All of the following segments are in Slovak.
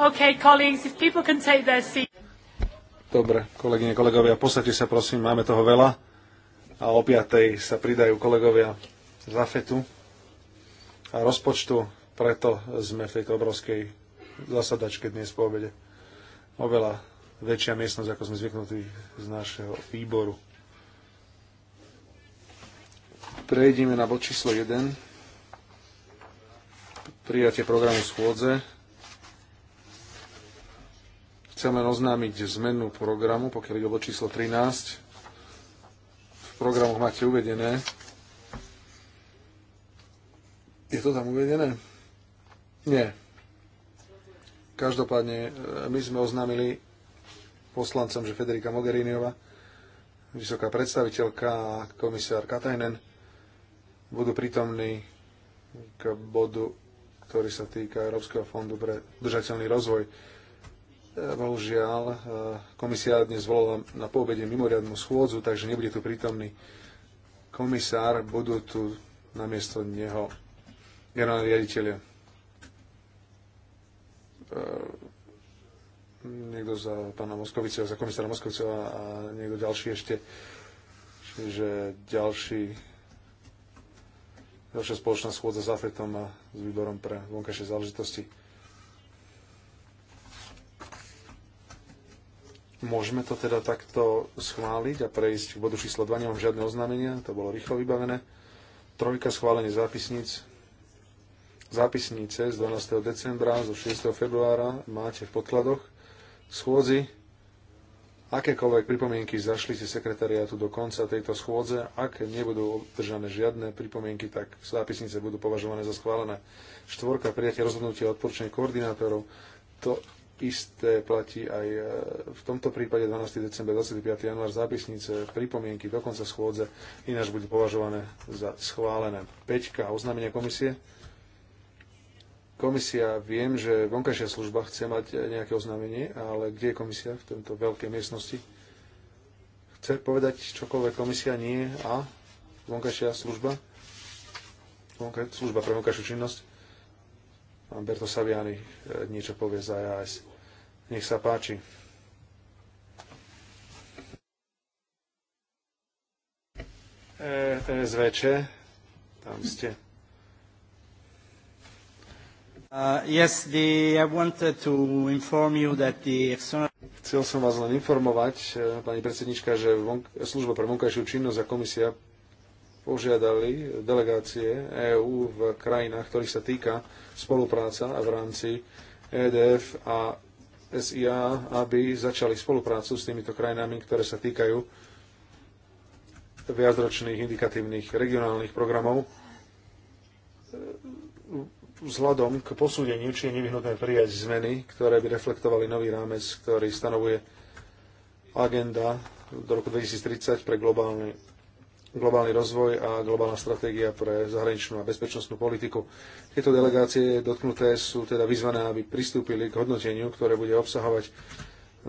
Okay, colleagues, if people can take their Dobre, kolegyne, kolegovia, posadte sa prosím, máme toho veľa. A o piatej sa pridajú kolegovia z AFETu a rozpočtu, preto sme v tejto obrovskej zasadačke dnes po obede. Oveľa väčšia miestnosť, ako sme zvyknutí z našeho výboru. Prejdime na bod číslo 1. Prijatie programu schôdze. Chcem len oznámiť zmenu programu, pokiaľ ide o číslo 13. V programoch máte uvedené. Je to tam uvedené? Nie. Každopádne, e, my sme oznámili poslancom, že Federika Mogheriniova, vysoká predstaviteľka a komisár Katajnen budú prítomní k bodu, ktorý sa týka Európskeho fondu pre držateľný rozvoj Bohužiaľ, e, komisia dnes volala na poobede mimoriadnú schôdzu, takže nebude tu prítomný komisár, budú tu namiesto neho generálne riaditeľe. Niekto za pána Moskoviceho, za komisára Moskoviceho a niekto ďalší ešte. Čiže ďalší ďalšia spoločná schôdza s AFETom a s výborom pre vonkajšie záležitosti. Môžeme to teda takto schváliť a prejsť k bodu číslo 2. Nemám žiadne oznámenia, to bolo rýchlo vybavené. Trojka schválenie zápisníc. Zápisnice z 12. decembra, zo 6. februára máte v podkladoch. Schôdzi. Akékoľvek pripomienky zašli si sekretariátu do konca tejto schôdze. Ak nebudú obdržané žiadne pripomienky, tak zápisnice budú považované za schválené. Štvorka prijatie rozhodnutia odporúčaní koordinátorov. To Isté platí aj e, v tomto prípade 12. december, 25. január zápisnice, pripomienky do konca schôdze, ináč bude považované za schválené. Peťka, oznámenie komisie. Komisia, viem, že vonkajšia služba chce mať e, nejaké oznámenie, ale kde je komisia v tejto veľkej miestnosti? Chce povedať čokoľvek komisia? Nie. A? Vonkajšia služba? Vonka, služba pre vonkajšiu činnosť? Berto Saviani e, niečo povie za EAS. Nech sa páči. ESVČ, tam ste. Uh, yes, the, I wanted to inform you that the external... Chcel som vás len informovať, e, pani predsednička, že služba pre vonkajšiu činnosť a komisia požiadali delegácie EÚ v krajinách, ktorých sa týka spolupráca v rámci EDF a SIA, aby začali spoluprácu s týmito krajinami, ktoré sa týkajú viacročných indikatívnych regionálnych programov vzhľadom k posúdeniu, či je nevyhnutné prijať zmeny, ktoré by reflektovali nový rámec, ktorý stanovuje agenda do roku 2030 pre globálne globálny rozvoj a globálna stratégia pre zahraničnú a bezpečnostnú politiku. Tieto delegácie dotknuté sú teda vyzvané, aby pristúpili k hodnoteniu, ktoré bude obsahovať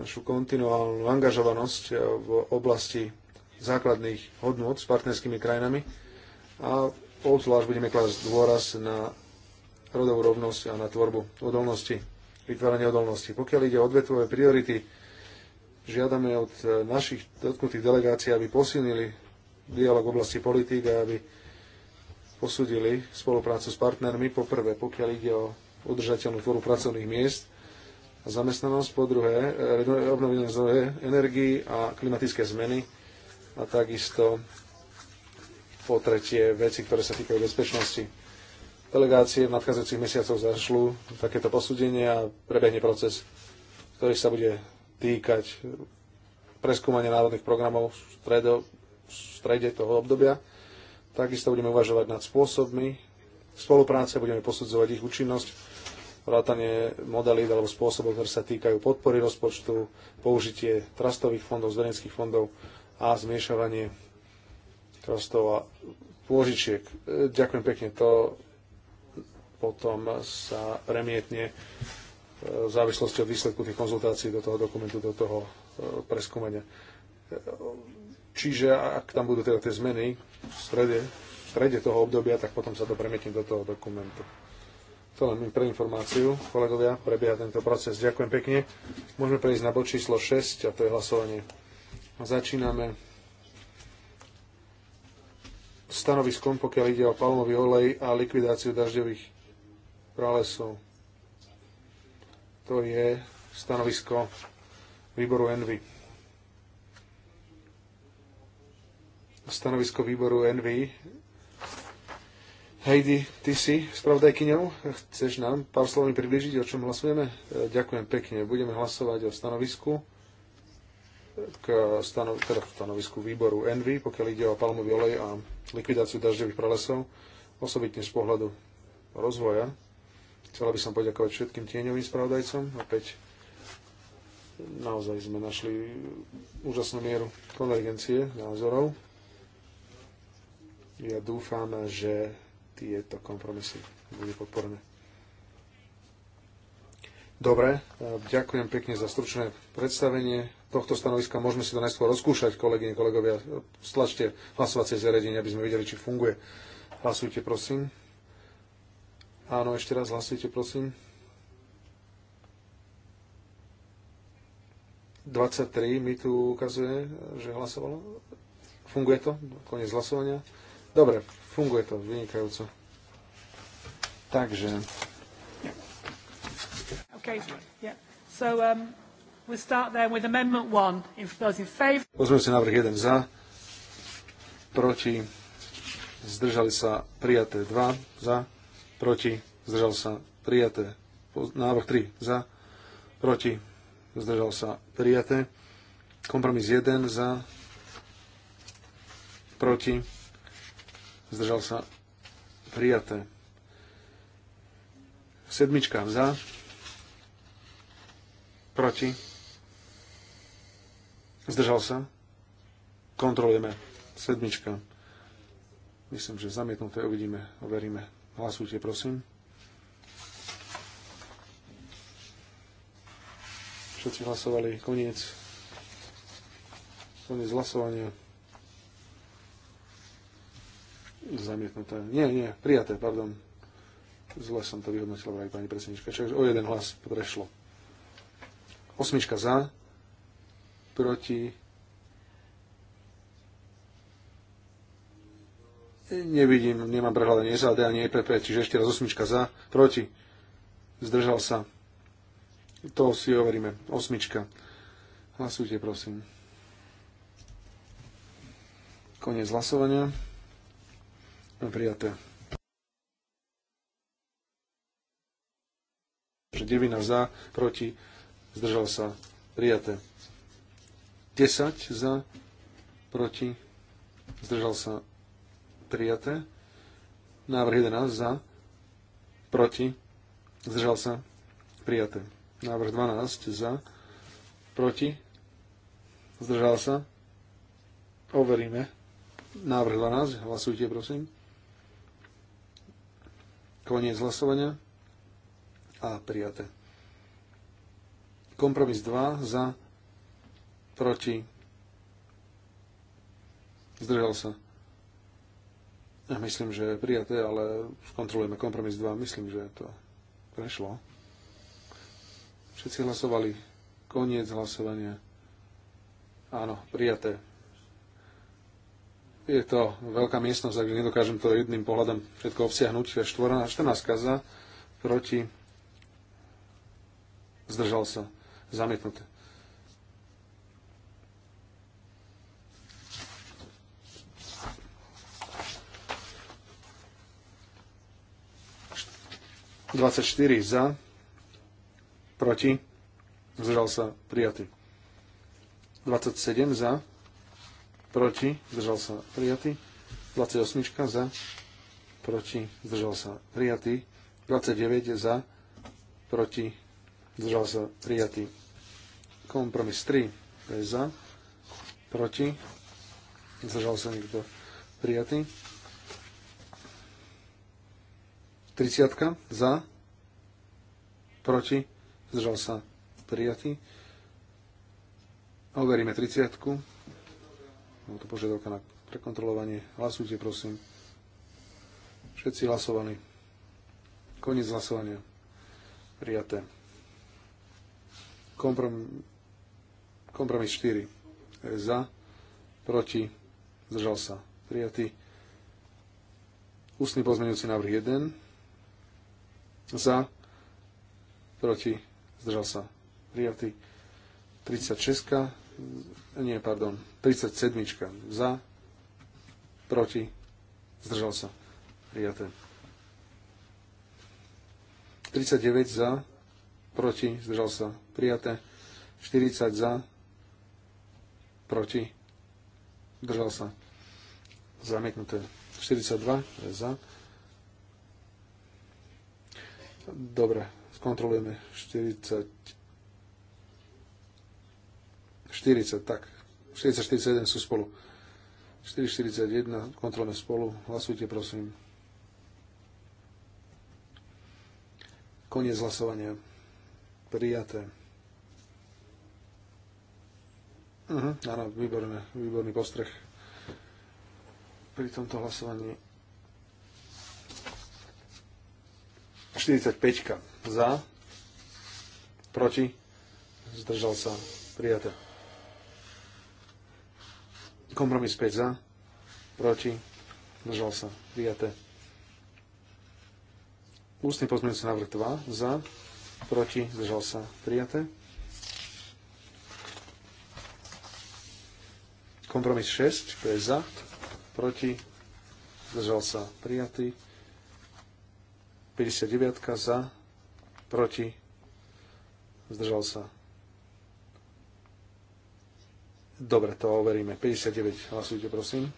našu kontinuálnu angažovanosť v oblasti základných hodnot s partnerskými krajinami a obzvlášť budeme klásť dôraz na rodovú rovnosť a na tvorbu odolnosti, vytváranie odolnosti. Pokiaľ ide o odvetové priority, žiadame od našich dotknutých delegácií, aby posilnili dialog v oblasti politík a aby posúdili spoluprácu s partnermi. Po prvé, pokiaľ ide o udržateľnú tvoru pracovných miest a zamestnanosť, po druhé, obnovenie zdroje energii a klimatické zmeny a takisto po tretie veci, ktoré sa týkajú bezpečnosti. Delegácie v nadchádzajúcich mesiacoch zašlú takéto posúdenie a prebehne proces, ktorý sa bude týkať preskúmania národných programov stredo, strede toho obdobia. Takisto budeme uvažovať nad spôsobmi spolupráce, budeme posudzovať ich účinnosť, vrátanie modalít alebo spôsobov, ktoré sa týkajú podpory rozpočtu, použitie trastových fondov, zverejnických fondov a zmiešavanie trastov a pôžičiek. Ďakujem pekne, to potom sa premietne e, v závislosti od výsledku tých konzultácií do toho dokumentu, do toho e, preskúmania e, Čiže ak tam budú teda tie zmeny v strede, v strede toho obdobia, tak potom sa to premietne do toho dokumentu. To len pre informáciu, kolegovia, prebieha tento proces. Ďakujem pekne. Môžeme prejsť na bod číslo 6 a to je hlasovanie. Začíname stanoviskom, pokiaľ ide o palmový olej a likvidáciu dažďových pralesov. To je stanovisko výboru Envy. stanovisko výboru NV. Heidi, ty si spravodajkyňou. Chceš nám pár slovami približiť, o čom hlasujeme? E, ďakujem pekne. Budeme hlasovať o stanovisku k stanov, teda stanovisku výboru NV, pokiaľ ide o palmový olej a likvidáciu dažďových pralesov, osobitne z pohľadu rozvoja. Chcela by som poďakovať všetkým tieňovým spravodajcom. Opäť naozaj sme našli úžasnú mieru konvergencie názorov. Ja dúfam, že tieto kompromisy budú podporné. Dobre, e, ďakujem pekne za stručné predstavenie tohto stanoviska. Môžeme si to najskôr rozkúšať, kolegyne, kolegovia. Stlačte hlasovacie zariadenie, aby sme videli, či funguje. Hlasujte, prosím. Áno, ešte raz hlasujte, prosím. 23 mi tu ukazuje, že hlasovalo. Funguje to? Koniec hlasovania. Dobre, funguje to vynikajúco. Takže... Okay, yeah. So, um, we'll start then with amendment 1. If those in favor... Pozmeňujúci návrh 1 za, proti, zdržali sa prijaté 2 za, proti, zdržal sa prijaté návrh 3 za, proti, zdržal sa prijaté, kompromis 1 za, proti, zdržal sa prijaté. Sedmička za, proti, zdržal sa, kontrolujeme, sedmička. Myslím, že zamietnuté uvidíme, overíme. Hlasujte, prosím. Všetci hlasovali, koniec. Koniec hlasovania. Zamietnuté. Nie, nie, prijaté, pardon. Zle som to vyhodnotila aj pani predsednička. Čiže o jeden hlas prešlo. Osmička za, proti, Nevidím, nemám prehľadanie SAD ani EPP, čiže ešte raz osmička za, proti, zdržal sa. To si overíme. Osmička. Hlasujte, prosím. Koniec hlasovania. No, prijaté. Že devina za, proti, zdržal sa, prijaté. 10 za, proti, zdržal sa, prijaté. Návrh 11 za, proti, zdržal sa, prijaté. Návrh 12 za, proti, zdržal sa, overíme. Návrh 12, hlasujte prosím. Koniec hlasovania. A prijaté. Kompromis 2 za, proti, zdržal sa. Ja myslím, že je prijaté, ale skontrolujeme kompromis 2. Myslím, že to prešlo. Všetci hlasovali. Koniec hlasovania. Áno, prijaté je to veľká miestnosť, takže nedokážem to jedným pohľadom všetko obsiahnuť. 14, 14 za, proti, zdržal sa, zamietnuté. 24 za, proti, zdržal sa, prijatý. 27 za, proti, zdržal sa prijatý. 28 za, proti, zdržal sa prijatý. 29 za, proti, zdržal sa prijatý. Kompromis 3, to je za, proti, zdržal sa niekto prijatý. 30 za, proti, zdržal sa prijatý. Overíme 30. -ku. Bolo to požiadavka na prekontrolovanie. Hlasujte, prosím. Všetci hlasovali. Koniec hlasovania. Prijaté. Komprom... Kompromis 4. Za, proti, zdržal sa. Prijatý. Ústny pozmeňujúci návrh 1. Za, proti, zdržal sa. Prijatý. 36 nie, pardon, 37 za, proti, zdržal sa, prijaté. 39 za, proti, zdržal sa, prijaté. 40 za, proti, zdržal sa, zamietnuté. 42 za. Dobre, skontrolujeme 40 40, tak. 40, 41 sú spolu. 41 kontrolné spolu. Hlasujte, prosím. Koniec hlasovania. Prijaté. Uh-huh, áno, výborné, výborný postreh pri tomto hlasovaní. 45 za, proti, zdržal sa, prijaté. Kompromis 5 za, proti, zdržal sa, prijaté. Ústny pozmeňujúci návrh 2 za, proti, zdržal sa, prijaté. Kompromis 6, to je za, proti, zdržal sa, prijatý. 59 za, proti, zdržal sa, Dobre, to overíme. 59, hlasujte prosím.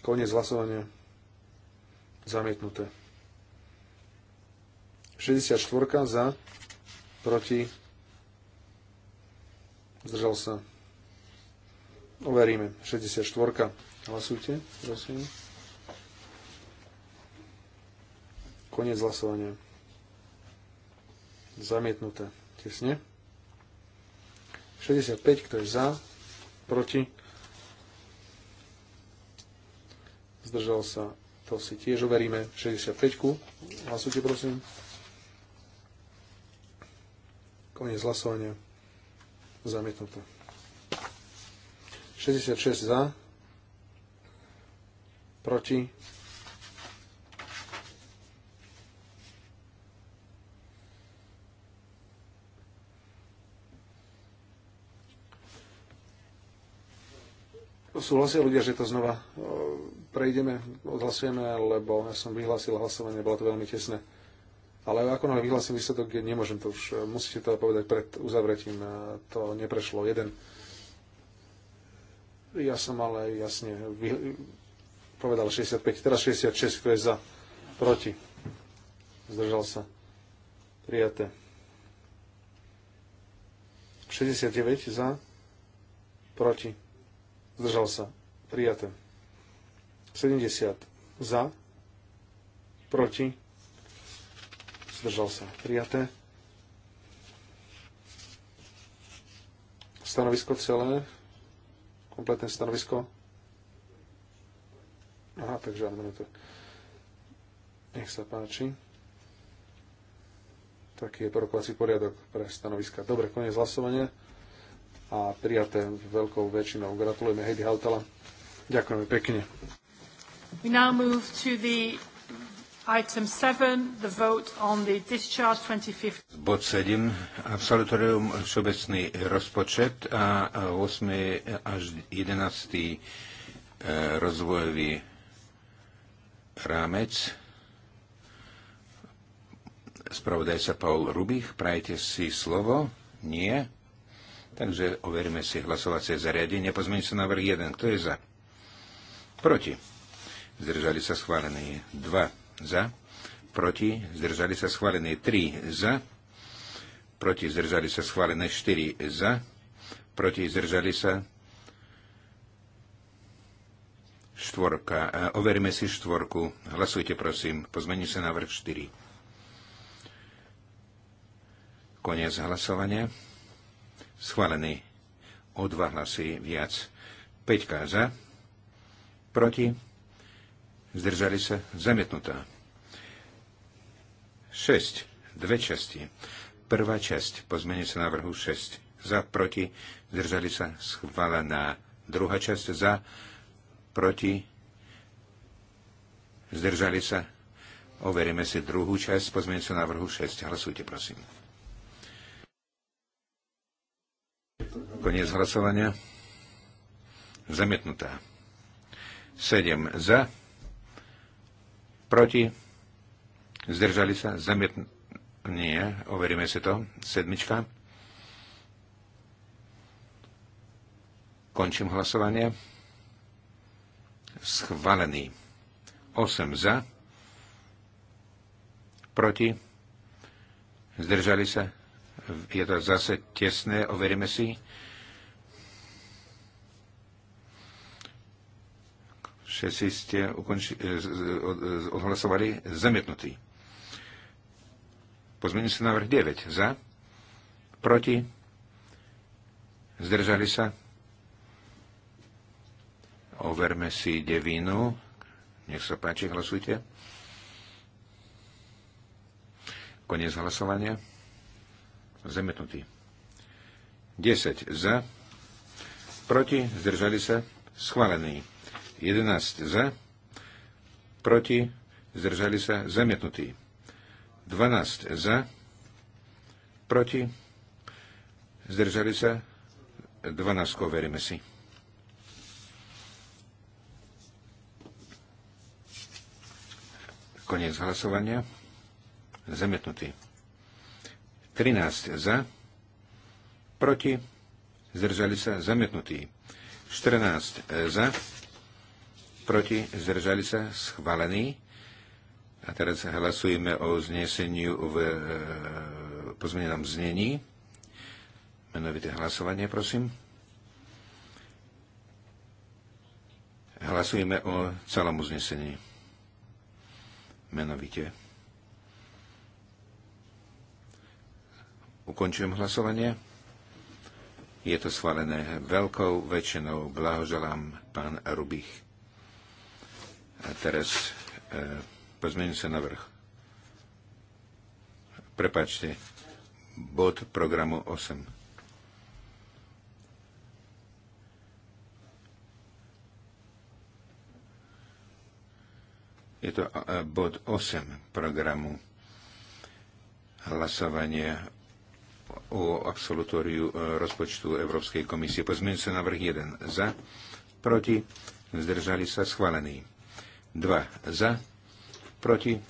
Koniec hlasovania. Zamietnuté. 64 za, proti, zdržal sa. Overíme. 64. Hlasujte, prosím. Koniec hlasovania. Zamietnuté. Tesne. 65, kto je za, proti, zdržal sa, to si tiež overíme, 65, -ku. hlasujte prosím. Koniec hlasovania, zamietnuté. 66 za, proti, súhlasia ľudia, že to znova e, prejdeme, odhlasujeme, lebo ja som vyhlásil hlasovanie, bolo to veľmi tesné. Ale ako náhle vyhlásim výsledok, nemôžem to už, e, musíte to povedať pred uzavretím, e, to neprešlo jeden. Ja som ale jasne vy, povedal 65, teraz 66, kto je za, proti. Zdržal sa. Prijaté. 69 za, proti zdržal sa, prijaté. 70 za, proti, zdržal sa, prijaté. Stanovisko celé, kompletné stanovisko. Aha, takže to. Nech sa páči. Taký je porokovací poriadok pre stanoviska. Dobre, koniec hlasovania a prijaté veľkou väčšinou. Gratulujeme Heidi Hautala. Ďakujeme pekne. We now move to the item 7, the vote on the discharge 2015. Bod 7, absolutorium všeobecný rozpočet a 8. až 11. Eh, rozvojový rámec. Spravodaj sa Paul Rubich, prajte si slovo. Nie. Takže overíme si hlasovacie zariadenie. sa návrh 1. Kto je za? Proti. Zdržali sa schválení 2 za. Proti. Zdržali sa schválení 3 za. Proti. Zdržali sa schválené 4 za. Proti. Zdržali sa štvorka. Overíme si štvorku. Hlasujte, prosím. Pozmení sa návrh 4. Koniec hlasovania. Schválený. O dva hlasy viac. Peťka za. Proti. Zdržali sa. Zamietnutá. 6. Dve časti. Prvá časť zmene sa návrhu 6. Za, proti, zdržali sa, schválená. Druhá časť za, proti, zdržali sa. Overíme si druhú časť pozmenie sa návrhu 6. Hlasujte, prosím. Koniec hlasovania. Zamietnutá. 7 za. Proti. Zdržali sa. Zamietnutá. Nie. Overíme si to. Sedmička. Končím hlasovanie. Schválený. 8 za. Proti. Zdržali sa je to zase tesné, overíme si. Všetci ste ukonči- e, e, odhlasovali zamietnutý. Pozmení sa návrh 9. Za? Proti? Zdržali sa? Overme si devinu. Nech sa páči, hlasujte. Koniec hlasovania. Zamietnutý. 10 za. Proti. Zdržali sa. Schválený. 11 za. Proti. Zdržali sa. Zamietnutý. 12 za. Proti. Zdržali sa. 12 veríme si. Koniec hlasovania. Zamietnutý. 13 za, proti, zdržali sa zamietnutí. 14 e, za, proti, zdržali sa schválení. A teraz hlasujeme o zneseniu v e, pozmenenom znení. Menovité hlasovanie, prosím. Hlasujeme o celom uznesení. Menovite. Ukončujem hlasovanie. Je to schválené veľkou väčšinou. Blahoželám pán Rubich. A teraz e, pozmením sa na vrch. Prepačte, bod programu 8. Je to e, bod 8 programu hlasovanie o absolutóriu e, rozpočtu Európskej komisie. Pozmeňujúci návrh 1 za, proti, zdržali sa schválený. 2 za, proti,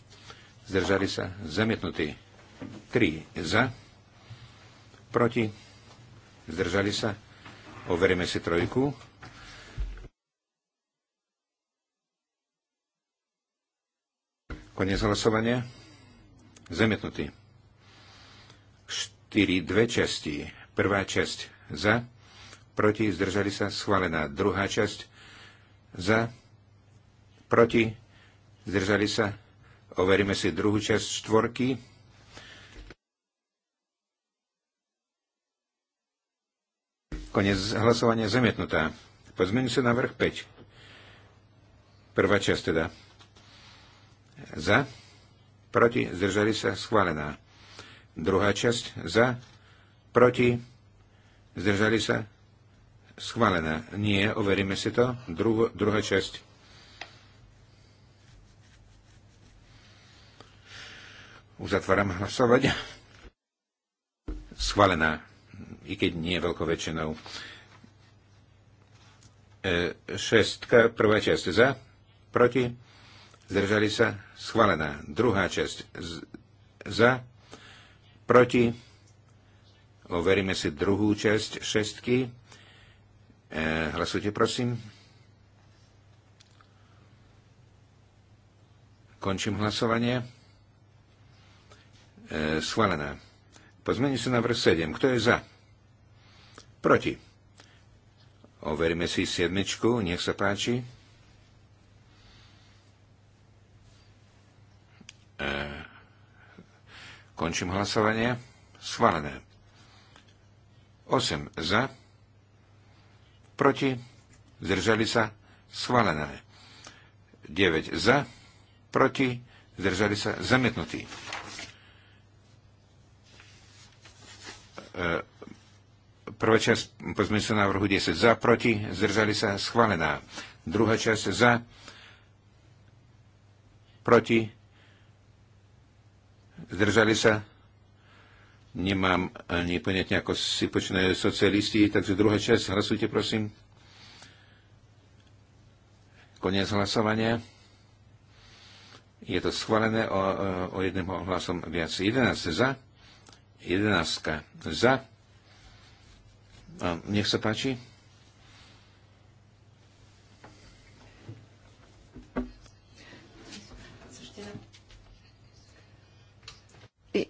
zdržali sa zamietnutí. 3 za, proti, zdržali sa. Overíme si trojku. Konec hlasovania. Zamietnutý dve časti. Prvá časť za, proti, zdržali sa, schválená. Druhá časť za, proti, zdržali sa. Overíme si druhú časť štvorky. Konec hlasovania zamietnutá. Pozmeňu sa na vrch 5. Prvá časť teda. Za, proti, zdržali sa, schválená. Druhá časť za, proti, zdržali sa, schválená. Nie, overíme si to. Druho, druhá časť. Uzatváram hlasovať. Schválená, i keď nie veľkou väčšinou. E, šestka, prvá časť za, proti, zdržali sa, schválená. Druhá časť z, za, proti. Overíme si druhú časť šestky. E, hlasujte, prosím. Končím hlasovanie. E, schválená. Pozmeni sa na vrch 7. Kto je za? Proti. Overíme si sedmičku. Nech sa páči. Končím hlasovanie. Schválené. 8 za. Proti. Zdržali sa. Schválené. 9 za. Proti. Zdržali sa. Zamietnutí. E, prvá časť pozmeňujúceho návrhu 10 za, proti, zdržali sa, schválená. Druhá časť za, proti, Zdržali sa? Nemám ani понятne, ako si počínajú socialisti, takže druhá časť, hlasujte prosím. Koniec hlasovania. Je to schválené o, o jedným hlasom viac. 11 za, 11 za. A nech sa páči.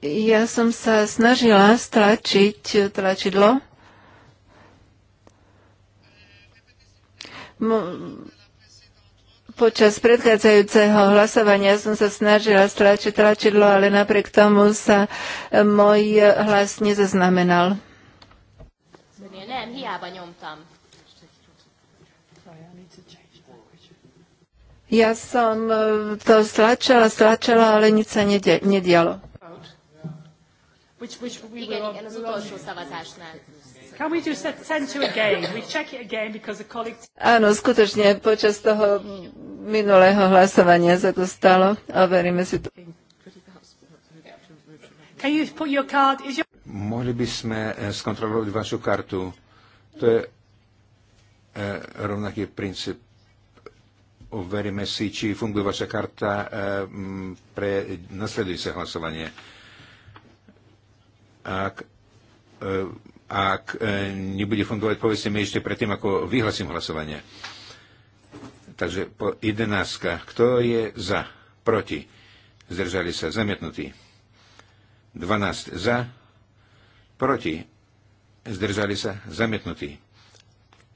Ja som sa snažila stlačiť eh, tlačidlo. Počas predchádzajúceho hlasovania som sa snažila stlačiť tlačidlo, ale napriek tomu sa eh, môj eh, hlas nezaznamenal. Ja som to stlačala, stlačala, ale nič sa nedialo which, which we will... Igen, igen, az utolsó szavazásnál. Can we just send to again? We check it again because the colleague... Áno, skutočne počas toho minulého hlasovania sa to stalo. a veríme si to. Can you put your card? Is your... Mohli by sme eh, skontrolovať vašu kartu. To je eh, rovnaký princíp. Overíme si, či funguje vaša karta eh, pre nasledujúce hlasovanie. Ak, eh, ak eh, nebude fungovať, povedzte mi ešte predtým, ako vyhlasím hlasovanie. Takže po 11. Kto je za? Proti? Zdržali sa zamietnutí. 12 za, proti, zdržali sa zamietnutí.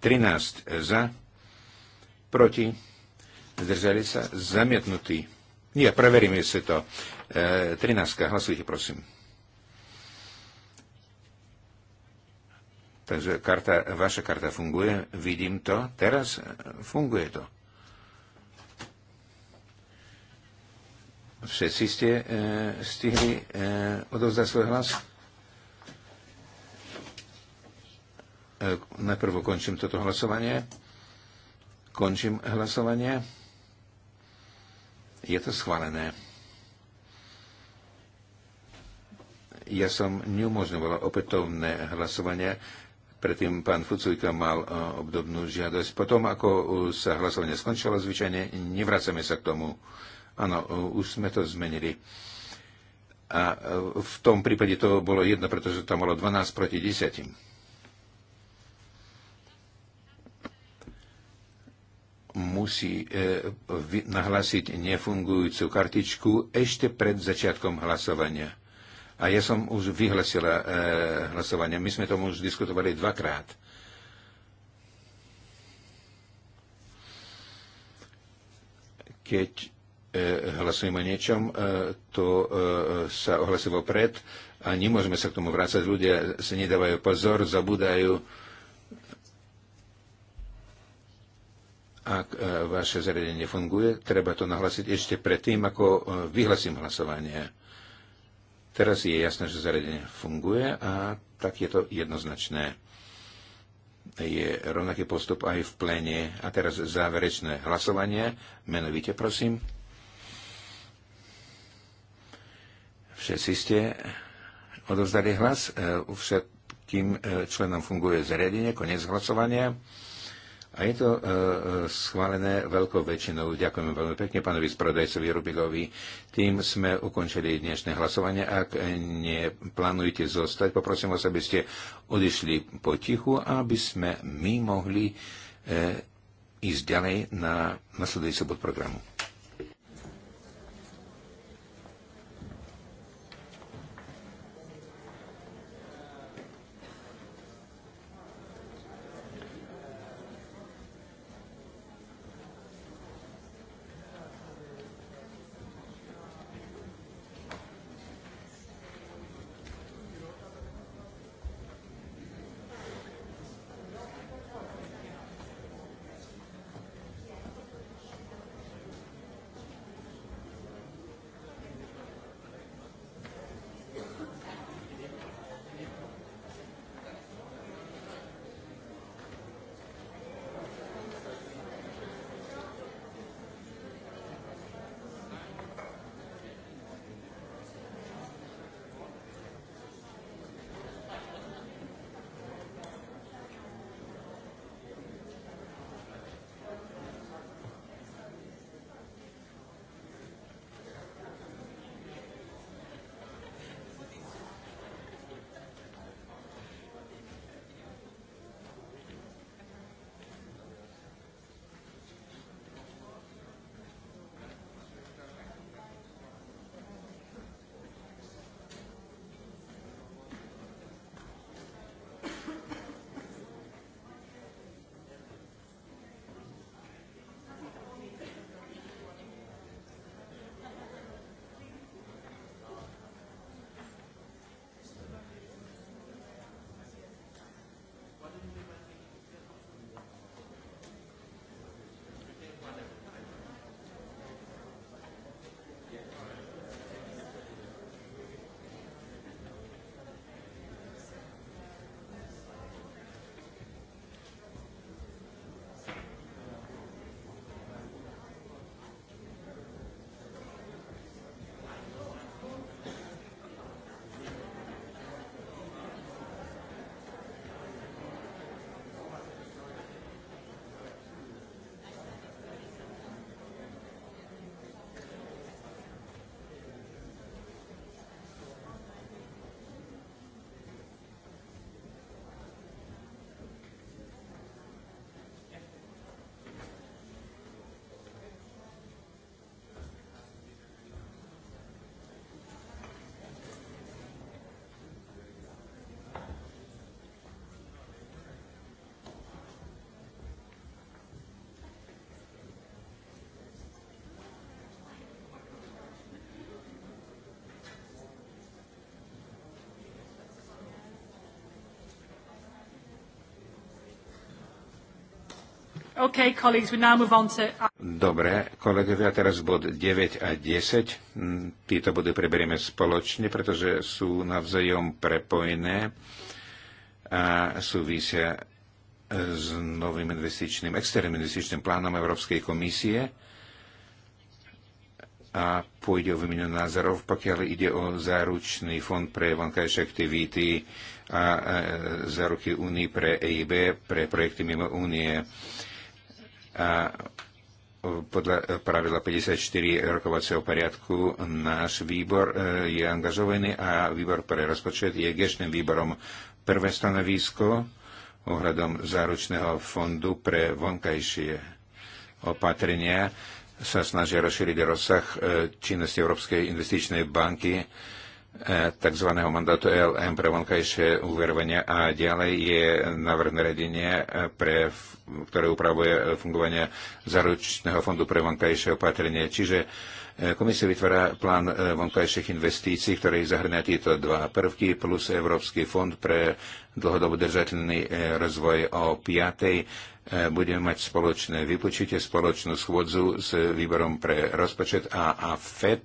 13 za, proti, zdržali sa zamietnutí. Nie, preveríme si to. E, eh, 13. Hlasujte, prosím. Takže karta, vaša karta funguje, vidím to, teraz funguje to. Všetci ste e, stihli e, odovzdať svoj hlas? E, najprv končím toto hlasovanie. Končím hlasovanie. Je to schválené. Ja som neumožňovala opätovné hlasovanie Predtým pán Fucujka mal e, obdobnú žiadosť. Potom, ako e, sa hlasovanie skončilo, zvyčajne nevracame sa k tomu. Áno, e, už sme to zmenili. A v tom prípade to bolo jedno, pretože tam bolo 12 proti 10. musí e, nahlasiť nefungujúcu kartičku ešte pred začiatkom hlasovania. A ja som už vyhlasila e, eh, hlasovanie. My sme tomu už diskutovali dvakrát. Keď e, hlasujeme o niečom, e, to e, sa ohlasilo pred a nemôžeme sa k tomu vrácať. Ľudia si nedávajú pozor, zabúdajú. ak vaše zariadenie funguje, treba to nahlasiť ešte predtým, ako vyhlasím hlasovanie. Teraz je jasné, že zariadenie funguje a tak je to jednoznačné. Je rovnaký postup aj v plene. A teraz záverečné hlasovanie. Menovite, prosím. Všetci ste odovzdali hlas. E, všetkým e, členom funguje zariadenie. Konec hlasovania. A je to e, e, schválené veľkou väčšinou. Ďakujem veľmi pekne pánovi spravodajcovi Rubigovi. Tým sme ukončili dnešné hlasovanie. Ak neplánujete zostať, poprosím vás, aby ste odišli potichu, aby sme my mohli e, ísť ďalej na nasledujúci bod programu. Dobre, kolegovia, teraz bod 9 a 10. Mm, Tieto body preberieme spoločne, pretože sú navzájom prepojené a súvisia s novým investičným, externým investičným plánom Európskej komisie a pôjde o výmenu názorov, pokiaľ ide o záručný fond pre vonkajšie aktivity a záruky únii pre EIB, pre projekty mimo únie a podľa pravidla 54 rokovacieho poriadku náš výbor e, je angažovaný a výbor pre rozpočet je gešným výborom prvé stanovisko ohľadom záručného fondu pre vonkajšie opatrenia sa snažia rozšíriť rozsah e, činnosti Európskej investičnej banky E, tzv. mandátu e LM pre vonkajšie uverovania a ďalej je návrh nariadenia, e, pre, ktoré upravuje fungovanie zaručného fondu pre vonkajšie opatrenie. Čiže komisia vytvára plán vonkajších investícií, ktorý zahrňa tieto dva prvky, plus Európsky fond pre dlhodobo držateľný rozvoj o 5 budeme mať spoločné vypočutie, spoločnú schôdzu s výborom pre rozpočet a AFED. FED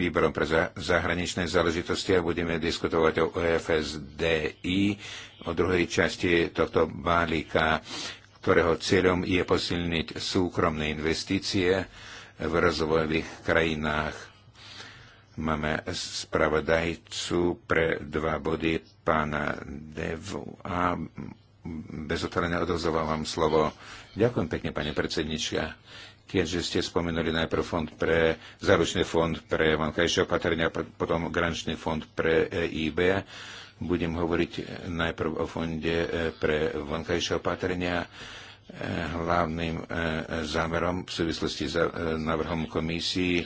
výborom pre zahraničné záležitosti a budeme diskutovať o EFSDI, o druhej časti tohto balíka, ktorého cieľom je posilniť súkromné investície v rozvojových krajinách. Máme spravodajcu pre dva body pána Devu a bezotvorené odozovávam slovo. Ďakujem pekne, pani predsednička keďže ste spomenuli najprv fond pre záručný fond pre vonkajšie opatrenia, potom garančný fond pre EIB. Budem hovoriť najprv o fonde e, pre vonkajšie opatrenia. E, hlavným e, zámerom v súvislosti s návrhom komisii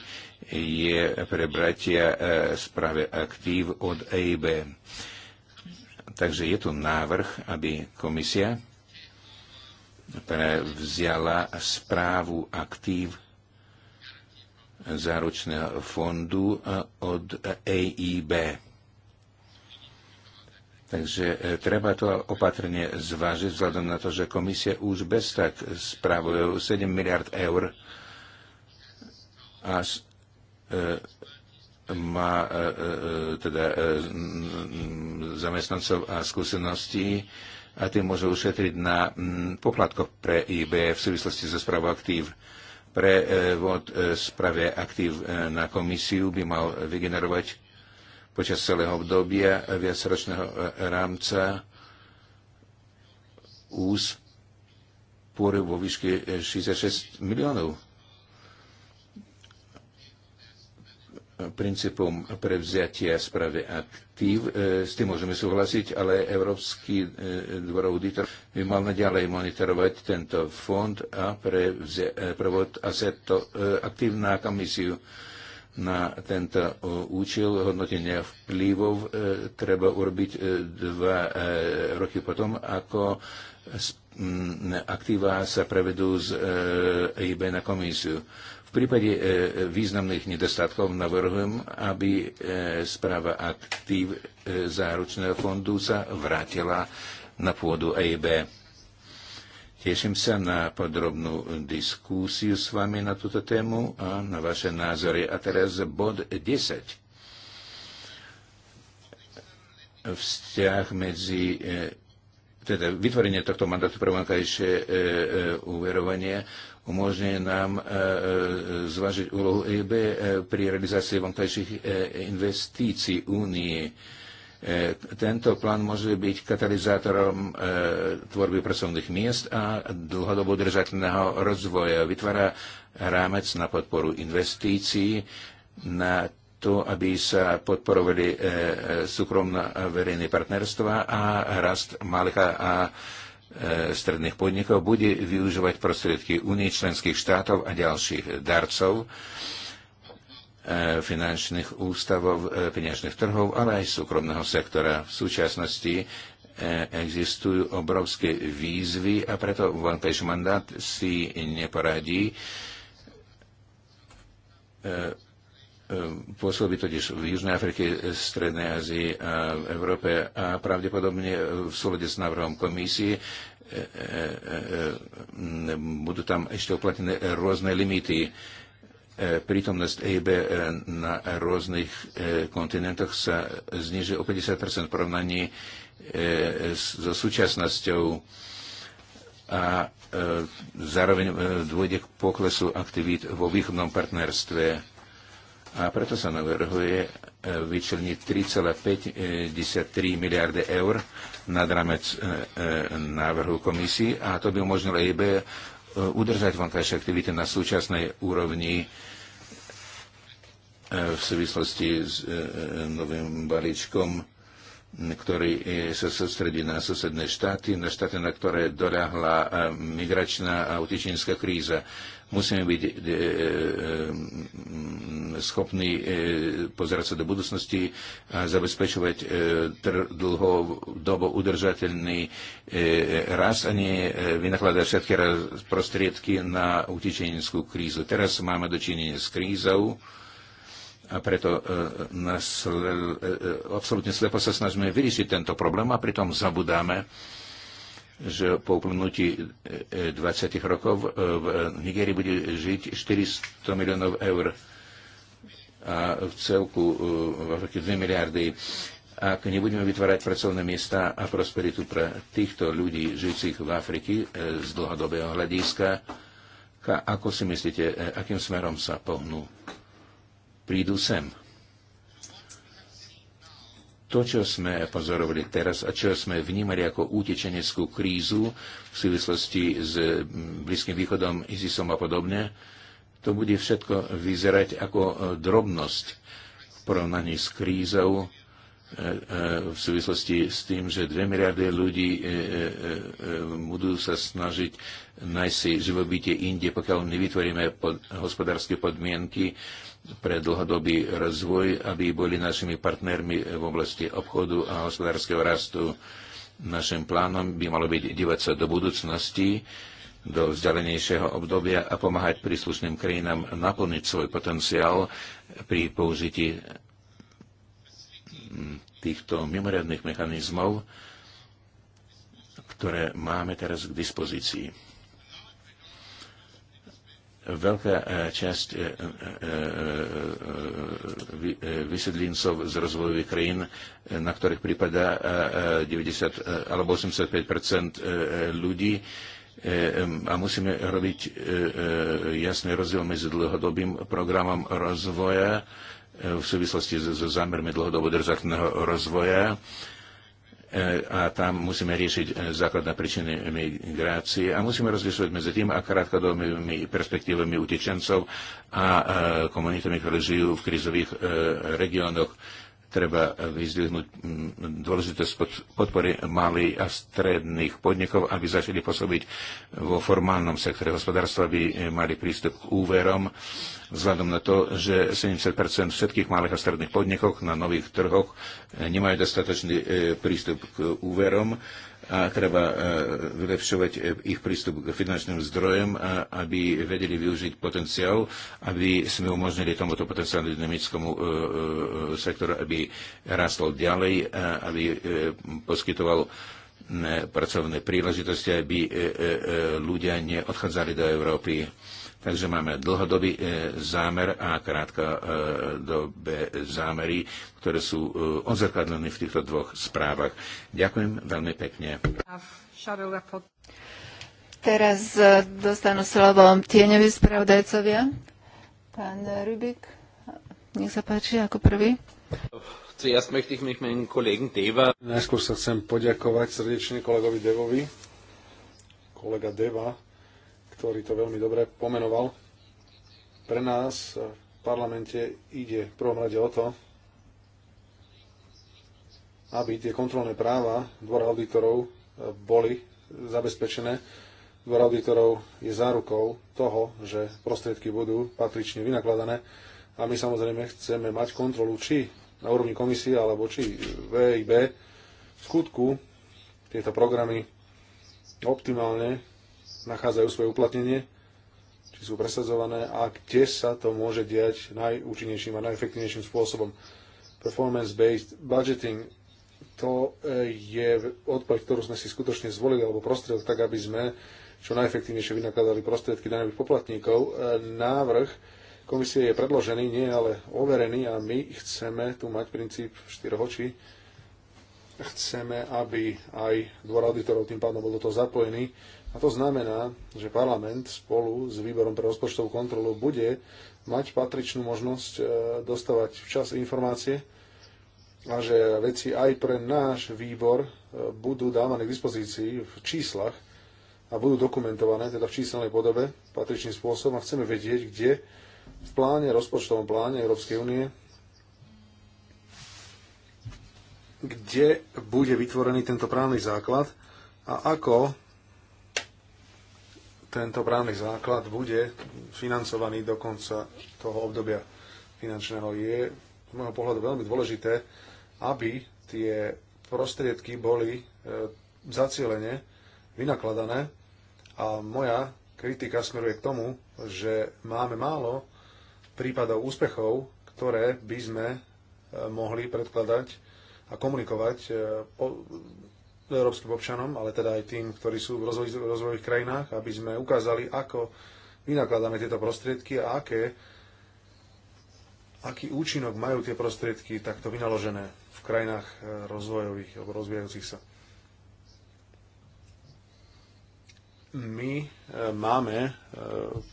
je prebratia správe aktív od EIB. Takže je tu návrh, aby komisia prevzala správu aktív záručného fondu e, od EIB. Takže e, treba to opatrne zvážiť, vzhľadom na to, že komisia už bez tak spravuje 7 miliard eur a má teda zamestnancov a skúsenosti, a tým môže ušetriť na mm, poplatkoch pre IB v súvislosti so správou aktív. Pre e, vod e, správe aktív e, na komisiu by mal vygenerovať počas celého obdobia viacročného rámca úspory vo výške 66 miliónov princípom prevziatia správy aktív. E, s tým môžeme súhlasiť, ale Európsky e, dvor auditor by mal naďalej monitorovať tento fond a e, prevod aseto aktív na komisiu na tento účel hodnotenia vplyvov treba urobiť dva roky potom, ako aktíva sa prevedú z EIB na komisiu prípade e, významných nedostatkov navrhujem, aby e, správa aktív e, záručného fondu sa vrátila na pôdu EIB. Teším sa na podrobnú diskusiu s vami na túto tému a na vaše názory. A teraz bod 10 vzťah medzi teda vytvorenie tohto mandátu pre e, uverovanie umožňuje nám e, e, zvážiť úlohu EIB e, pri realizácii vonkajších investícií únie. Tento plán môže byť katalizátorom tvorby pracovných miest a dlhodobo udržateľného rozvoja. Vytvára rámec na podporu investícií, na to, aby sa podporovali súkromné verejné partnerstva a rast malých a E, stredných podnikov bude využívať prostriedky Unie členských štátov a ďalších darcov e, finančných ústavov, peňažných trhov, ale aj súkromného sektora. V súčasnosti e, existujú obrovské výzvy a preto vonkajší mandát si neporadí Ehm, pôsobí totiž v Južnej Afrike, Strednej Ázii a v Európe a pravdepodobne v súlade s návrhom komisie e, e, e, budú tam ešte uplatnené rôzne limity. Prítomnosť EIB na rôznych kontinentoch sa zniží o 50 v porovnaní so súčasnosťou a zároveň dôjde k poklesu aktivít vo východnom partnerstve a preto sa navrhuje e, vyčleniť 3,53 e, miliardy eur nad rámec e, návrhu komisii a to by umožnilo EIB udržať vonkajšie aktivity na súčasnej úrovni v súvislosti s novým balíčkom, ktorý sa sústredí na susedné štáty, na štáty, na ktoré doľahla migračná a utečenská kríza. Musíme byť e, e, e, schopní pozerať sa do budúcnosti a zabezpečovať dlho dobo udržateľný raz a nie vynakladať všetky prostriedky na utečeneckú krízu. Teraz máme dočinenie s krízou a preto nás absolútne slepo sa snažíme vyriešiť tento problém a pritom zabudáme, že po uplnutí 20 e, e, rokov e, v Nigerii bude žiť 400 miliónov eur a v celku v Afrike 2 miliardy. Ak nebudeme vytvárať pracovné miesta a prosperitu pre týchto ľudí žijúcich v Afriky z dlhodobého hľadiska, ako si myslíte, akým smerom sa pohnú? Prídu sem to, čo sme pozorovali teraz a čo sme vnímali ako utečeneckú krízu v súvislosti s Blízkym východom, Izisom a podobne, to bude všetko vyzerať ako e, drobnosť v porovnaní s krízou e, e, v súvislosti s tým, že dve miliardy ľudí budú sa snažiť nájsť si živobytie inde, pokiaľ nevytvoríme hospodárske podmienky, pre dlhodobý rozvoj, aby boli našimi partnermi v oblasti obchodu a hospodárskeho rastu. Našim plánom by malo byť dívať sa do budúcnosti, do vzdialenejšieho obdobia a pomáhať príslušným krajinám naplniť svoj potenciál pri použití týchto mimoriadných mechanizmov, ktoré máme teraz k dispozícii veľká e, časť e, e, vysedlincov z rozvojových krajín, na ktorých prípada 90 alebo 85 ľudí. A musíme robiť jasný rozdiel medzi dlhodobým programom rozvoja v súvislosti so zámermi dlhodobo držateľného rozvoja a tam musíme riešiť e, základné príčiny migrácie a musíme rozlišovať medzi tým a krátkodobými perspektívami utečencov a e, komunitami, ktoré žijú v krizových e, regiónoch. Treba vyzdvihnúť mm, dôležitosť podpory malých a stredných podnikov, aby začali pôsobiť vo formálnom sektore hospodárstva, aby mali prístup k úverom, vzhľadom na to, že 70 všetkých malých a stredných podnikov na nových trhoch nemajú dostatočný e, prístup k úverom a treba e, vylepšovať e, ich prístup k finančným zdrojom, aby vedeli využiť potenciál, aby sme umožnili tomuto potenciálu dynamickému e, sektoru, aby rastol ďalej, aby poskytoval pracovné príležitosti, aby ľudia neodchádzali do Európy Takže máme dlhodobý e, zámer a krátkodobé e, zámery, ktoré sú e, odzrkadlené v týchto dvoch správach. Ďakujem veľmi pekne. Teraz dostanú slovo tieňoví spravodajcovia. Pán Rubik, nech sa páči ako prvý. Zuerst möchte ich mich meinen Deva. Najskôr sa chcem poďakovať srdečne kolegovi Devovi. Kolega Deva ktorý to veľmi dobre pomenoval. Pre nás v parlamente ide v prvom rade o to, aby tie kontrolné práva dvora auditorov e, boli zabezpečené. Dvor auditorov je zárukou toho, že prostriedky budú patrične vynakladané a my samozrejme chceme mať kontrolu, či na úrovni komisie alebo či VIB v skutku tieto programy optimálne nachádzajú svoje uplatnenie, či sú presadzované a kde sa to môže diať najúčinnejším a najefektívnejším spôsobom. Performance-based budgeting to e, je odpoveď, ktorú sme si skutočne zvolili, alebo prostriedok, tak aby sme čo najefektívnejšie vynakladali prostriedky daňových poplatníkov. E, návrh komisie je predložený, nie ale overený a my chceme tu mať princíp štyroch očí. Chceme, aby aj dvor auditorov tým pádom bol do toho zapojený, a to znamená, že parlament spolu s výborom pre rozpočtovú kontrolu bude mať patričnú možnosť e, dostávať včas informácie a že veci aj pre náš výbor e, budú dávané k dispozícii v číslach a budú dokumentované teda v číselnej podobe patričným spôsobom a chceme vedieť, kde v pláne, rozpočtovom pláne Európskej únie kde bude vytvorený tento právny základ a ako tento právny základ bude financovaný do konca toho obdobia finančného. Je z môjho pohľadu veľmi dôležité, aby tie prostriedky boli e, zacielene vynakladané a moja kritika smeruje k tomu, že máme málo prípadov úspechov, ktoré by sme e, mohli predkladať a komunikovať e, európskym občanom, ale teda aj tým, ktorí sú v rozvojových krajinách, aby sme ukázali, ako vynakladáme tieto prostriedky a aké, aký účinok majú tie prostriedky takto vynaložené v krajinách e, rozvojových alebo rozvíjajúcich sa. My e, máme e,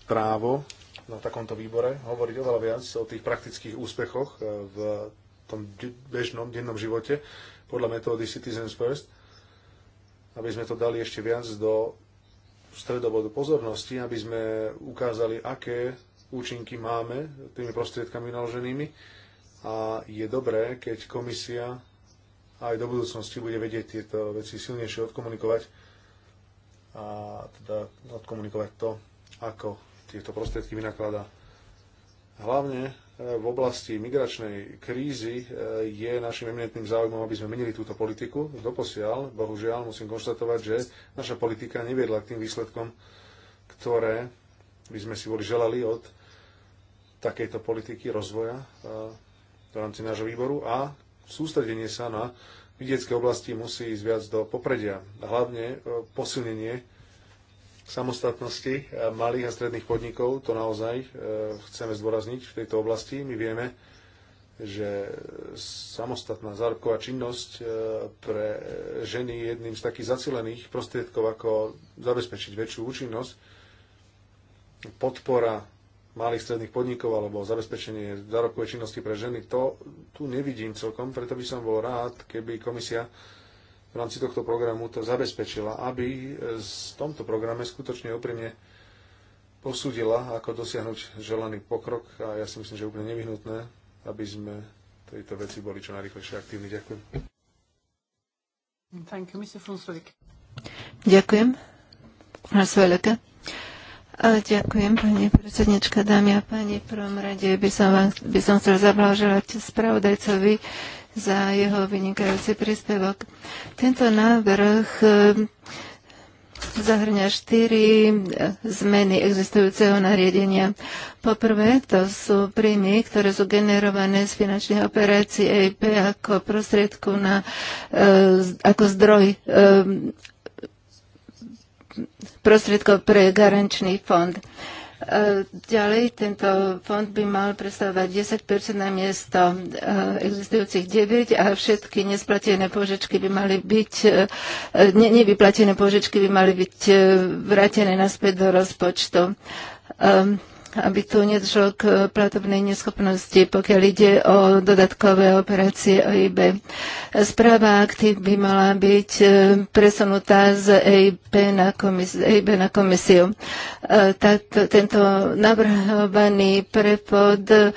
právo na takomto výbore hovoriť oveľa viac o tých praktických úspechoch v tom bežnom dennom živote podľa metódy Citizens First – aby sme to dali ešte viac do stredobodu pozornosti, aby sme ukázali, aké účinky máme tými prostriedkami naloženými. A je dobré, keď komisia aj do budúcnosti bude vedieť tieto veci silnejšie odkomunikovať a teda odkomunikovať to, ako tieto prostriedky vynakladá. Hlavne v oblasti migračnej krízy e, je našim eminentným záujmom, aby sme menili túto politiku. Doposiaľ, bohužiaľ, musím konštatovať, že naša politika neviedla k tým výsledkom, ktoré by sme si boli želali od takejto politiky rozvoja e, v rámci nášho výboru a sústredenie sa na vidiecké oblasti musí ísť viac do popredia. Hlavne e, posilnenie samostatnosti eh, malých a stredných podnikov, to naozaj eh, chceme zdôrazniť v tejto oblasti. My vieme, že samostatná zárobková činnosť eh, pre ženy je jedným z takých zacilených prostriedkov, ako zabezpečiť väčšiu účinnosť. Podpora malých stredných podnikov alebo zabezpečenie zárobkovej činnosti pre ženy, to tu nevidím celkom, preto by som bol rád, keby komisia v rámci tohto programu to zabezpečila, aby v tomto programe skutočne úprimne posúdila, ako dosiahnuť želaný pokrok a ja si myslím, že je úplne nevyhnutné, aby sme tejto veci boli čo najrychlejšie aktívni. Ďakujem. Ďakujem. ďakujem, pani predsednička, dámy a páni. V prvom rade by som, vám, by som chcel zablahoželať spravodajcovi za jeho vynikajúci príspevok. Tento návrh e, zahrňa štyri e, zmeny existujúceho nariadenia. Poprvé, to sú príjmy, ktoré sú generované z finančnej operácie EIP ako prostriedku na, e, ako zdroj prostriedkov pre garančný fond. E, ďalej, tento fond by mal predstavovať 10 na miesto e, existujúcich 9 a všetky nesplatené požičky by mali byť, e, ne, nevyplatené požičky by mali byť vrátené naspäť do rozpočtu. Um, aby tu nedošlo k platobnej neschopnosti, pokiaľ ide o dodatkové operácie OIB. Správa aktív by mala byť e, presunutá z EIB na, komis- EIB na komisiu. E, Tato, tento navrhovaný prepod e,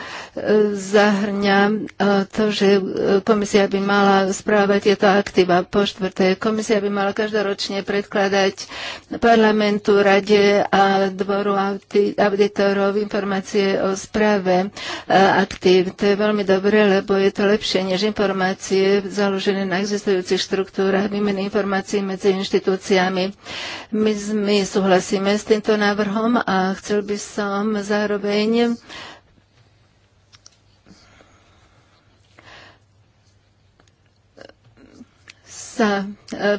zahrňa to, že komisia by mala správať tieto aktíva. Po štvrté, komisia by mala každoročne predkladať parlamentu, rade a dvoru auditorov kontrolou informácie o správe e, aktív. To je veľmi dobré, lebo je to lepšie než informácie založené na existujúcich štruktúrach výmeny informácií medzi inštitúciami. My, my súhlasíme s týmto návrhom a chcel by som zároveň sa e,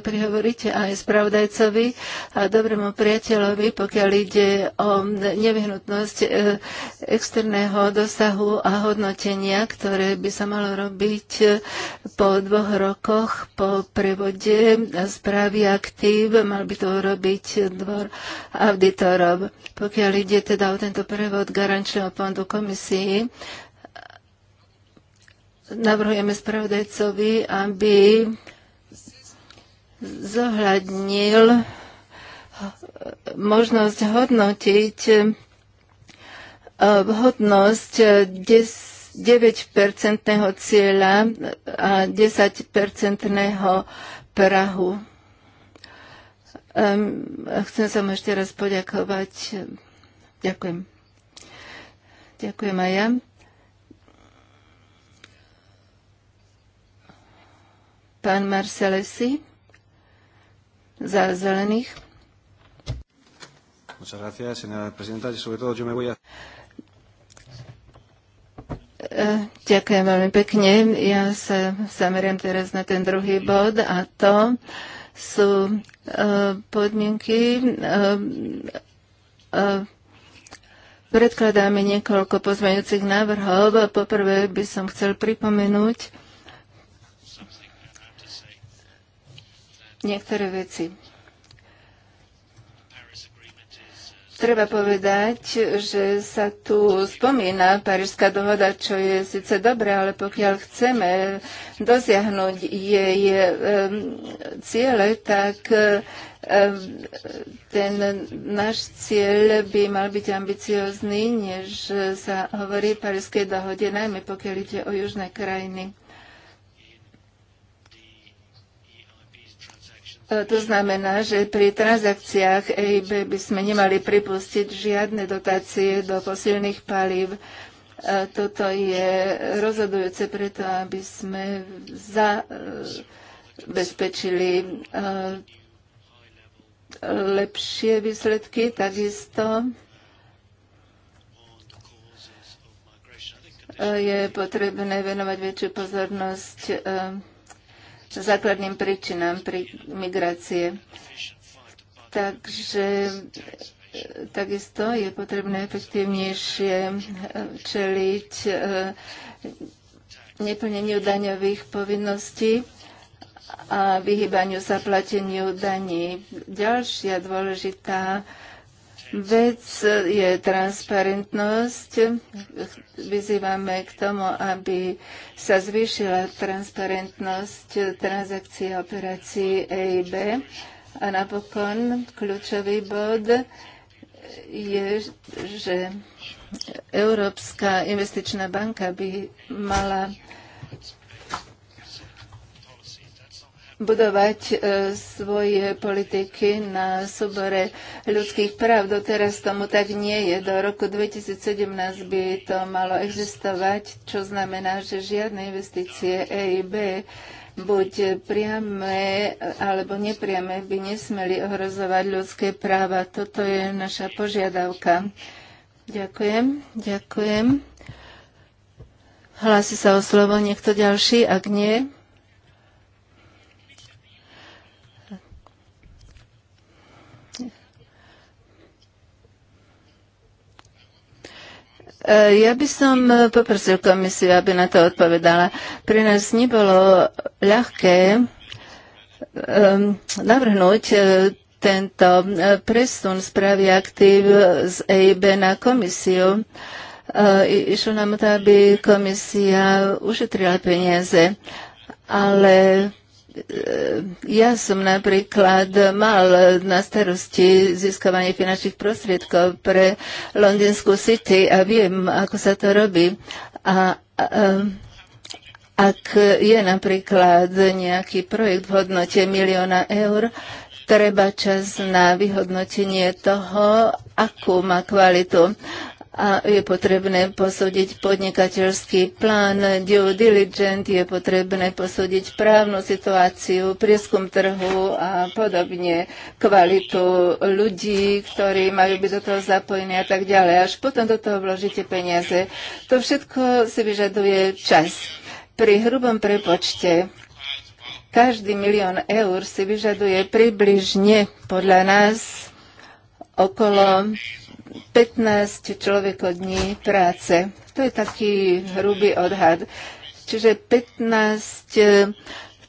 prihovoríte aj spravodajcovi a dobrému priateľovi, pokiaľ ide o nevyhnutnosť e, externého dosahu a hodnotenia, ktoré by sa malo robiť e, po dvoch rokoch po prevode správy aktív. Mal by to urobiť dvor auditorov. Pokiaľ ide teda o tento prevod garančného fondu komisii, navrhujeme spravodajcovi, aby zohľadnil možnosť hodnotiť vhodnosť eh, 9-percentného cieľa a 10-percentného prahu. Chcem sa mu ešte raz poďakovať. Ďakujem. Ďakujem aj ja. Pán Marcelesi za zelených. Eh, ďakujem veľmi pekne. Ja sa zameriam teraz na ten druhý bod a to sú eh, podmienky. Eh, predkladáme niekoľko pozmeňujúcich návrhov. Poprvé by som chcel pripomenúť, niektoré veci. Treba povedať, že sa tu spomína Parížská dohoda, čo je síce dobré, ale pokiaľ chceme dosiahnuť jej eh, ciele, tak eh, eh, ten náš cieľ by mal byť ambiciozný, než sa hovorí v Parížskej dohode, najmä pokiaľ ide o južné krajiny. E, to znamená, že pri transakciách EIB by sme nemali pripustiť žiadne dotácie do posilných palív. E, toto je rozhodujúce preto, aby sme zabezpečili e, lepšie výsledky. Takisto je potrebné venovať väčšiu pozornosť základným príčinám pri migrácie. Takže e, takisto je potrebné efektívnejšie e, čeliť e, neplneniu daňových povinností a vyhybaniu zaplateniu daní. Ďalšia dôležitá Vec je transparentnosť. Vyzývame k tomu, aby sa zvýšila transparentnosť transakcií a operácií EIB. A napokon kľúčový bod je, že Európska investičná banka by mala budovať e, svoje politiky na súbore ľudských práv. Doteraz tomu tak nie je. Do roku 2017 by to malo existovať, čo znamená, že žiadne investície EIB buď priame alebo nepriame by nesmeli ohrozovať ľudské práva. Toto je naša požiadavka. Ďakujem, ďakujem. Hlási sa o slovo niekto ďalší, ak nie, E, ja by som e, poprosil komisiu, aby na to odpovedala. Pre nás nebolo ľahké e, navrhnúť tento presun správy aktív z EIB na komisiu. Išlo nám to, aby komisia ušetrila peniaze, ale ja som napríklad mal na starosti získavanie finančných prostriedkov pre Londýnsku City a viem, ako sa to robí. A, a, ak je napríklad nejaký projekt v hodnote milióna eur, treba čas na vyhodnotenie toho, akú má kvalitu a je potrebné posúdiť podnikateľský plán, due diligent, je potrebné posúdiť právnu situáciu, prieskum trhu a podobne, kvalitu ľudí, ktorí majú byť do toho zapojení a tak ďalej. Až potom do toho vložíte peniaze. To všetko si vyžaduje čas. Pri hrubom prepočte každý milión eur si vyžaduje približne podľa nás okolo 15 dní práce. To je taký hrubý odhad. Čiže 15 e,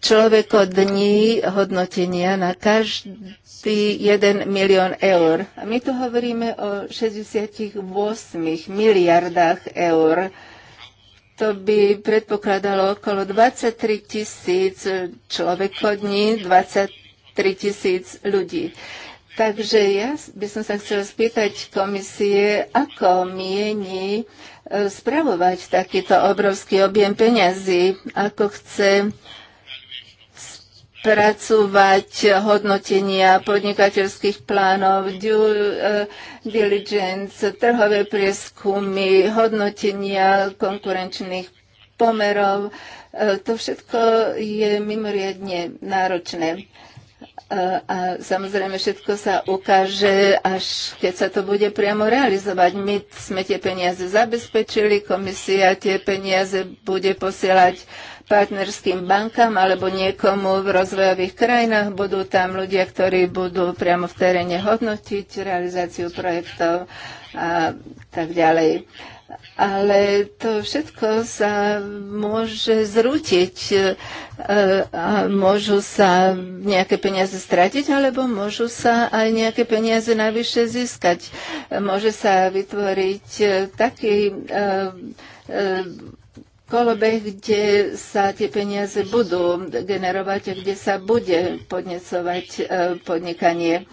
človeko dní hodnotenia na každý 1 milión eur. A my tu hovoríme o 68 miliardách eur. To by predpokladalo okolo 23 tisíc človekodní, 23 tisíc ľudí. Takže ja by som sa chcela spýtať komisie, ako mieni e, spravovať takýto obrovský objem peňazí, ako chce pracovať hodnotenia podnikateľských plánov, due e, diligence, trhové prieskumy, hodnotenia konkurenčných pomerov. E, to všetko je mimoriadne náročné a samozrejme všetko sa ukáže, až keď sa to bude priamo realizovať. My sme tie peniaze zabezpečili, komisia tie peniaze bude posielať partnerským bankám alebo niekomu v rozvojových krajinách. Budú tam ľudia, ktorí budú priamo v teréne hodnotiť realizáciu projektov a tak ďalej ale to všetko sa môže zrútiť e, a môžu sa nejaké peniaze stratiť, alebo môžu sa aj nejaké peniaze najvyššie získať. Môže sa vytvoriť e, taký e, kolobeh, kde sa tie peniaze budú generovať a kde sa bude podnecovať e, podnikanie.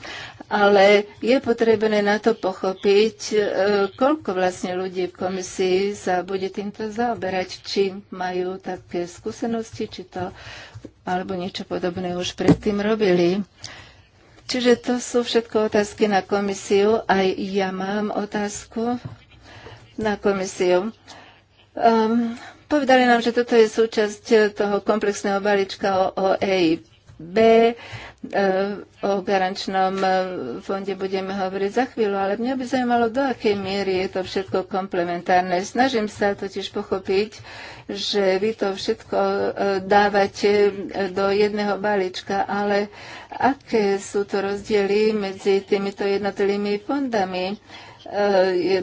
Ale je potrebné na to pochopiť, e, koľko vlastne ľudí v komisii sa bude týmto zaoberať, či majú také skúsenosti, či to alebo niečo podobné už predtým robili. Čiže to sú všetko otázky na komisiu. Aj ja mám otázku na komisiu. Um, Povedali nám, že toto je súčasť eh, toho komplexného balíčka o, EIB. Eh, o garančnom eh, fonde budeme hovoriť za chvíľu, ale mňa by zaujímalo, do akej miery je to všetko komplementárne. Snažím sa totiž pochopiť, že vy to všetko dávate do jedného balíčka, ale aké sú to rozdiely medzi týmito jednotlivými fondami?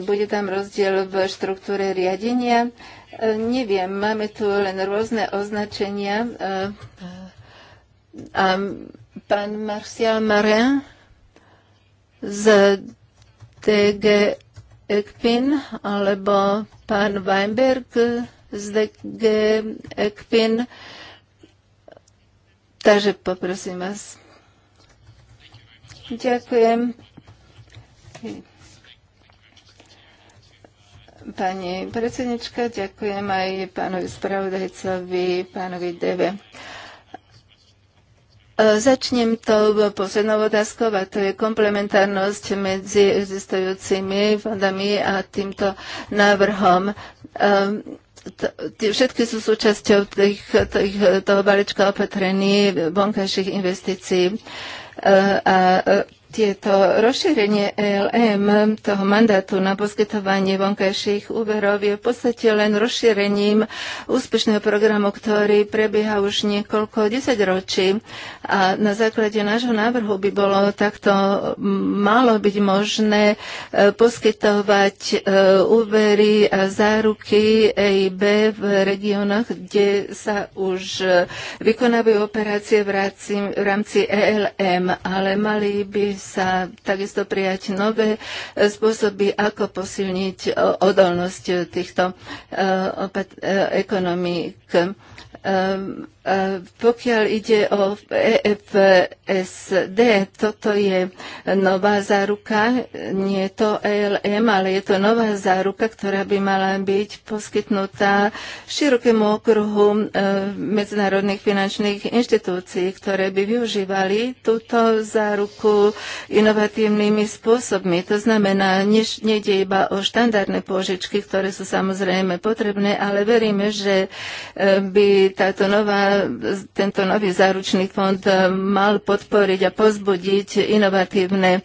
Bude tam rozdiel v štruktúre riadenia? E, neviem, máme tu len rôzne označenia. E, a pán Marcial Marin z TG Ekpin alebo pán Weinberg z TG Ekpin. Takže poprosím vás. Ďakujem pani predsednička, ďakujem aj pánovi spravodajcovi, pánovi Deve. E, začnem to poslednou otázkou a to je komplementárnosť medzi existujúcimi fondami a týmto návrhom. E, všetky sú súčasťou tých, tých, toho balíčka opatrení vonkajších investícií e, a tieto rozšírenie ELM, toho mandátu na poskytovanie vonkajších úverov je v podstate len rozšírením úspešného programu, ktorý prebieha už niekoľko desaťročí. A na základe nášho návrhu by bolo takto malo byť možné e, poskytovať e, úvery a záruky EIB v regiónoch, kde sa už vykonávajú operácie v rámci ELM, ale mali by sa takisto prijať nové e, spôsoby, ako posilniť e, odolnosť e, týchto ekonomík. Pokiaľ ide o EFSD, toto je nová záruka, nie je to ELM, ale je to nová záruka, ktorá by mala byť poskytnutá širokému okruhu e, medzinárodných finančných inštitúcií, ktoré by využívali túto záruku inovatívnymi spôsobmi. To znamená, nejde iba o štandardné pôžičky, ktoré sú samozrejme potrebné, ale veríme, že e, by táto nová tento nový záručný fond e, mal podporiť a pozbudiť inovatívne e,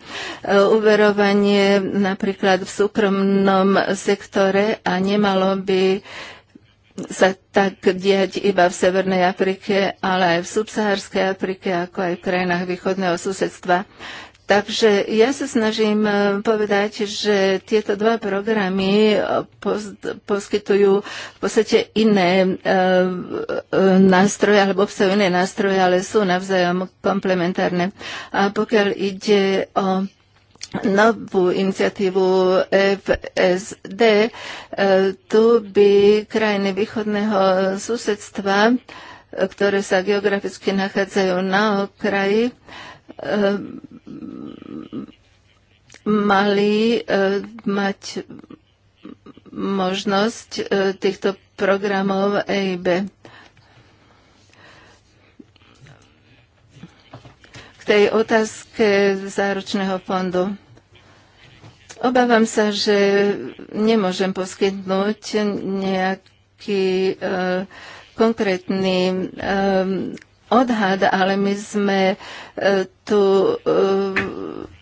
uverovanie napríklad v súkromnom sektore a nemalo by sa tak diať iba v Severnej Afrike, ale aj v subsahárskej Afrike, ako aj v krajinách východného susedstva. Takže ja sa snažím e, povedať, že tieto dva programy e, poskytujú v podstate iné e, nástroje, alebo obsahujú iné nástroje, ale sú navzájom komplementárne. A pokiaľ ide o novú iniciatívu FSD, tu by krajiny východného susedstva, ktoré sa geograficky nachádzajú na okraji, Ehm, mali ehm, mať možnosť ehm, týchto programov EIB. K tej otázke záručného fondu. Obávam sa, že nemôžem poskytnúť nejaký konkrétny odhad, ale my sme e, tu e,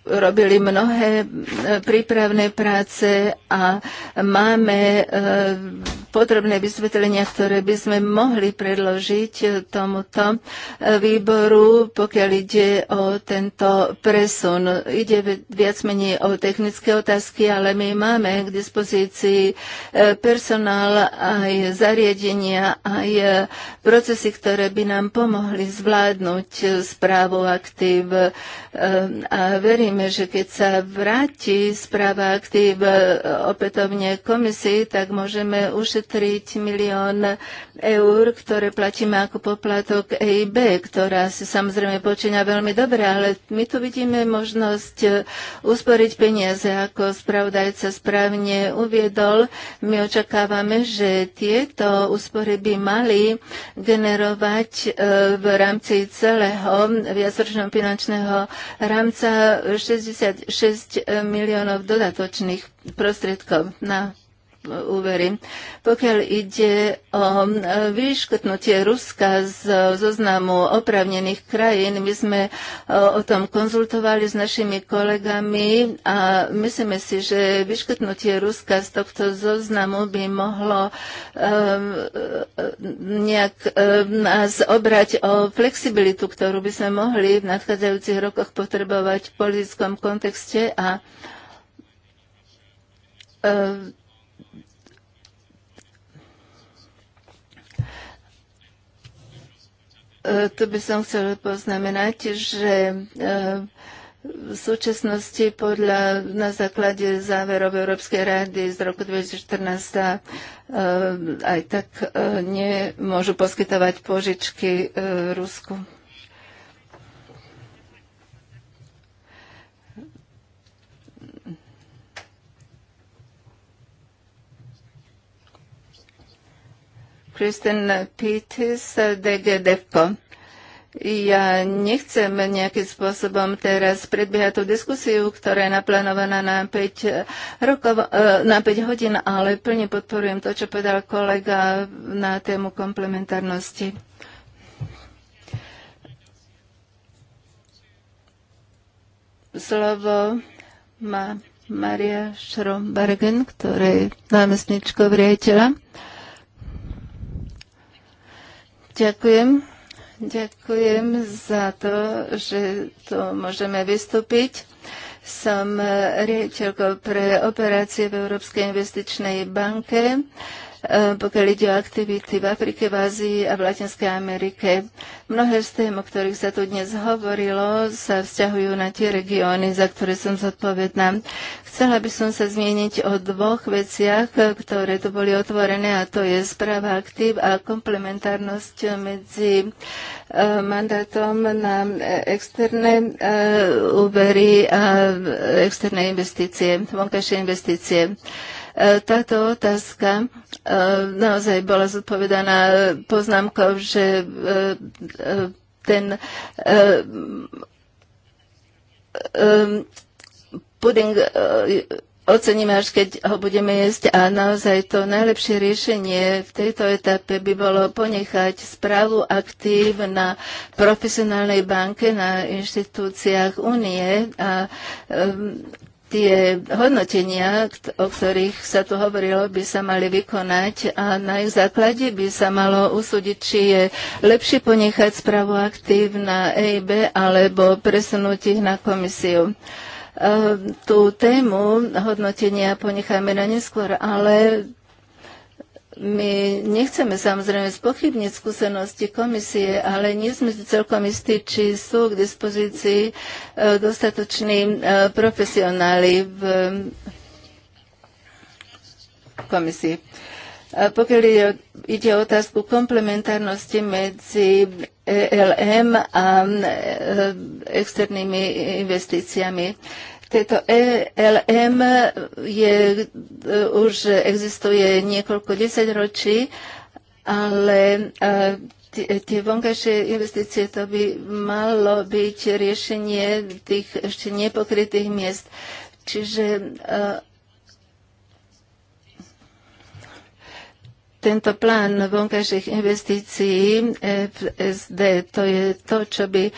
robili mnohé e, prípravné práce a máme e, potrebné vysvetlenia, ktoré by sme mohli predložiť e, tomuto výboru, pokiaľ ide o tento presun. Ide viac menej o technické otázky, ale my máme k dispozícii personál aj zariadenia, aj procesy, ktoré by nám pomohli zvládnuť správu aktív. A verím, vidíme, že keď sa vráti správa aktív opätovne komisii, tak môžeme ušetriť milión eur, ktoré platíme ako poplatok EIB, ktorá si samozrejme počíňa veľmi dobre, ale my tu vidíme možnosť e, usporiť peniaze, ako spravodajca správne uviedol. My očakávame, že tieto úspory by mali generovať e, v rámci celého viacročného finančného rámca 66 miliónov dodatočných prostriedkov na úvery. Pokiaľ ide o e, vyškrtnutie Ruska z e, zoznamu opravnených krajín, my sme e, o tom konzultovali s našimi kolegami a myslíme si, že vyškrtnutie Ruska z tohto zoznamu by mohlo nejak nás obrať o flexibilitu, ktorú by sme mohli v nadchádzajúcich rokoch potrebovať v politickom kontexte a E, tu by som chcel poznamenať, že e, v súčasnosti podľa, na základe záverov Európskej rady z roku 2014 e, aj tak nemôžu poskytovať požičky Rusku. Kristen Pettis, eh, DG Ja nechcem nejakým spôsobom teraz predbiehať tú diskusiu, ktorá je naplánovaná na 5, eh, rokov, eh, na 5 hodín, ale plne podporujem to, čo povedal kolega na tému komplementárnosti. Slovo má Maria Šrombergen, ktorá je námestničkou riaditeľa. Ďakujem. Ďakujem za to, že tu môžeme vystúpiť. Som riaditeľkou pre operácie v Európskej investičnej banke. E, pokiaľ ide o aktivity v Afrike, v Ázii a v Latinskej Amerike. Mnohé z tém, o ktorých sa tu dnes hovorilo, sa vzťahujú na tie regióny, za ktoré som zodpovedná. Chcela by som sa zmieniť o dvoch veciach, ktoré tu boli otvorené, a to je správa aktív a komplementárnosť medzi e, mandátom na externé e, úvery a externé investície, vonkajšie investície. Táto otázka Ehm, naozaj bola zodpovedaná poznámkou, že ehm, ten ehm, puding e, oceníme až keď ho budeme jesť a naozaj to najlepšie riešenie v tejto etape by bolo ponechať správu aktív na profesionálnej banke, na inštitúciách únie a um, tie hodnotenia, o ktorých sa tu hovorilo, by sa mali vykonať a na ich základe by sa malo usúdiť, či je lepšie ponechať správu aktív na EIB alebo presunúť ich na komisiu. E, tú tému hodnotenia ponecháme na neskôr, ale my nechceme samozrejme spochybniť skúsenosti komisie, ale nie sme si celkom istí, či sú k dispozícii e, dostatoční e, profesionáli v komisii. Pokiaľ ide o otázku komplementárnosti medzi ELM a e, externými investíciami, tieto ELM je, e, už existuje niekoľko desaťročí, ale e, tie vonkajšie investície, to by malo byť riešenie tých ešte nepokrytých miest. Čiže e, tento plán vonkajších investícií FSD, eh, to je to, čo by eh,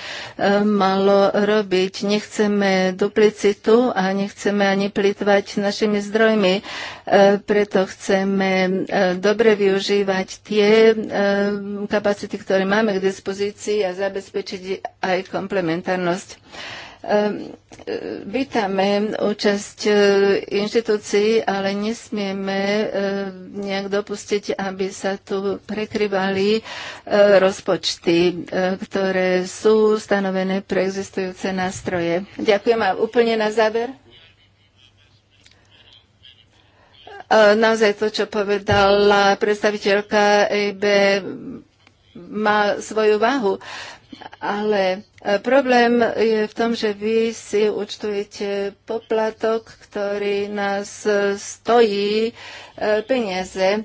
malo robiť. Nechceme duplicitu a nechceme ani plýtvať našimi zdrojmi, eh, preto chceme dobre využívať tie kapacity, ktoré máme k dispozícii a zabezpečiť aj komplementárnosť. Ehm, vítame účasť e, inštitúcií, ale nesmieme e, nejak dopustiť, aby sa tu prekryvali e, rozpočty, ktoré sú stanovené pre existujúce nástroje. Ďakujem a úplne na záver. Naozaj to, čo povedala predstaviteľka EIB, má svoju váhu. Ale e, problém je v tom, že vy si účtujete poplatok, ktorý nás e, stojí e, peniaze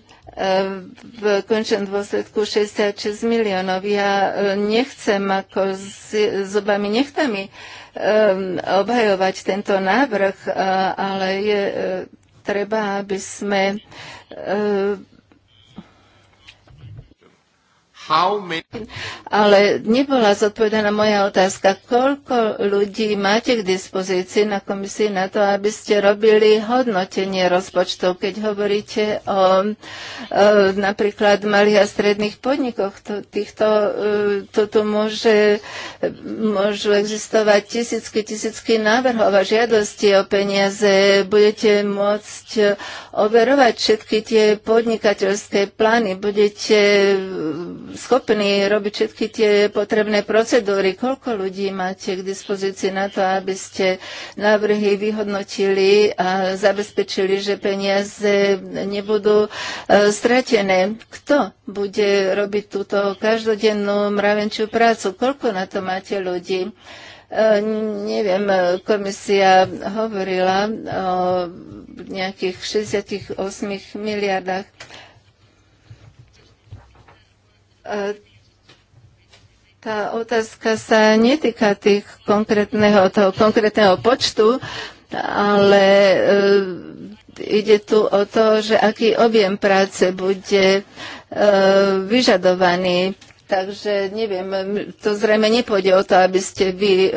v končnom dôsledku 66 miliónov. Ja nechcem ako s zubami nechtami obhajovať tento návrh, ale je treba, aby sme ale nebola zodpovedaná moja otázka, koľko ľudí máte k dispozícii na komisii na to, aby ste robili hodnotenie rozpočtov, keď hovoríte o e, napríklad malých a stredných podnikoch. To, týchto, toto e, môže, môžu existovať tisícky, tisícky návrhov a žiadosti o peniaze. Budete môcť overovať všetky tie podnikateľské plány, budete schopní robiť všetky tie potrebné procedúry. Koľko ľudí máte k dispozícii na to, aby ste návrhy vyhodnotili a zabezpečili, že peniaze nebudú e, stratené? Kto bude robiť túto každodennú mravenčiu prácu? Koľko na to máte ľudí? E, neviem, komisia hovorila o nejakých 68 miliardách E, tá otázka sa netýka tých konkrétneho, toho konkrétneho počtu, ale e, ide tu o to, že aký objem práce bude e, vyžadovaný Takže neviem, to zrejme nepôjde o to, aby ste vy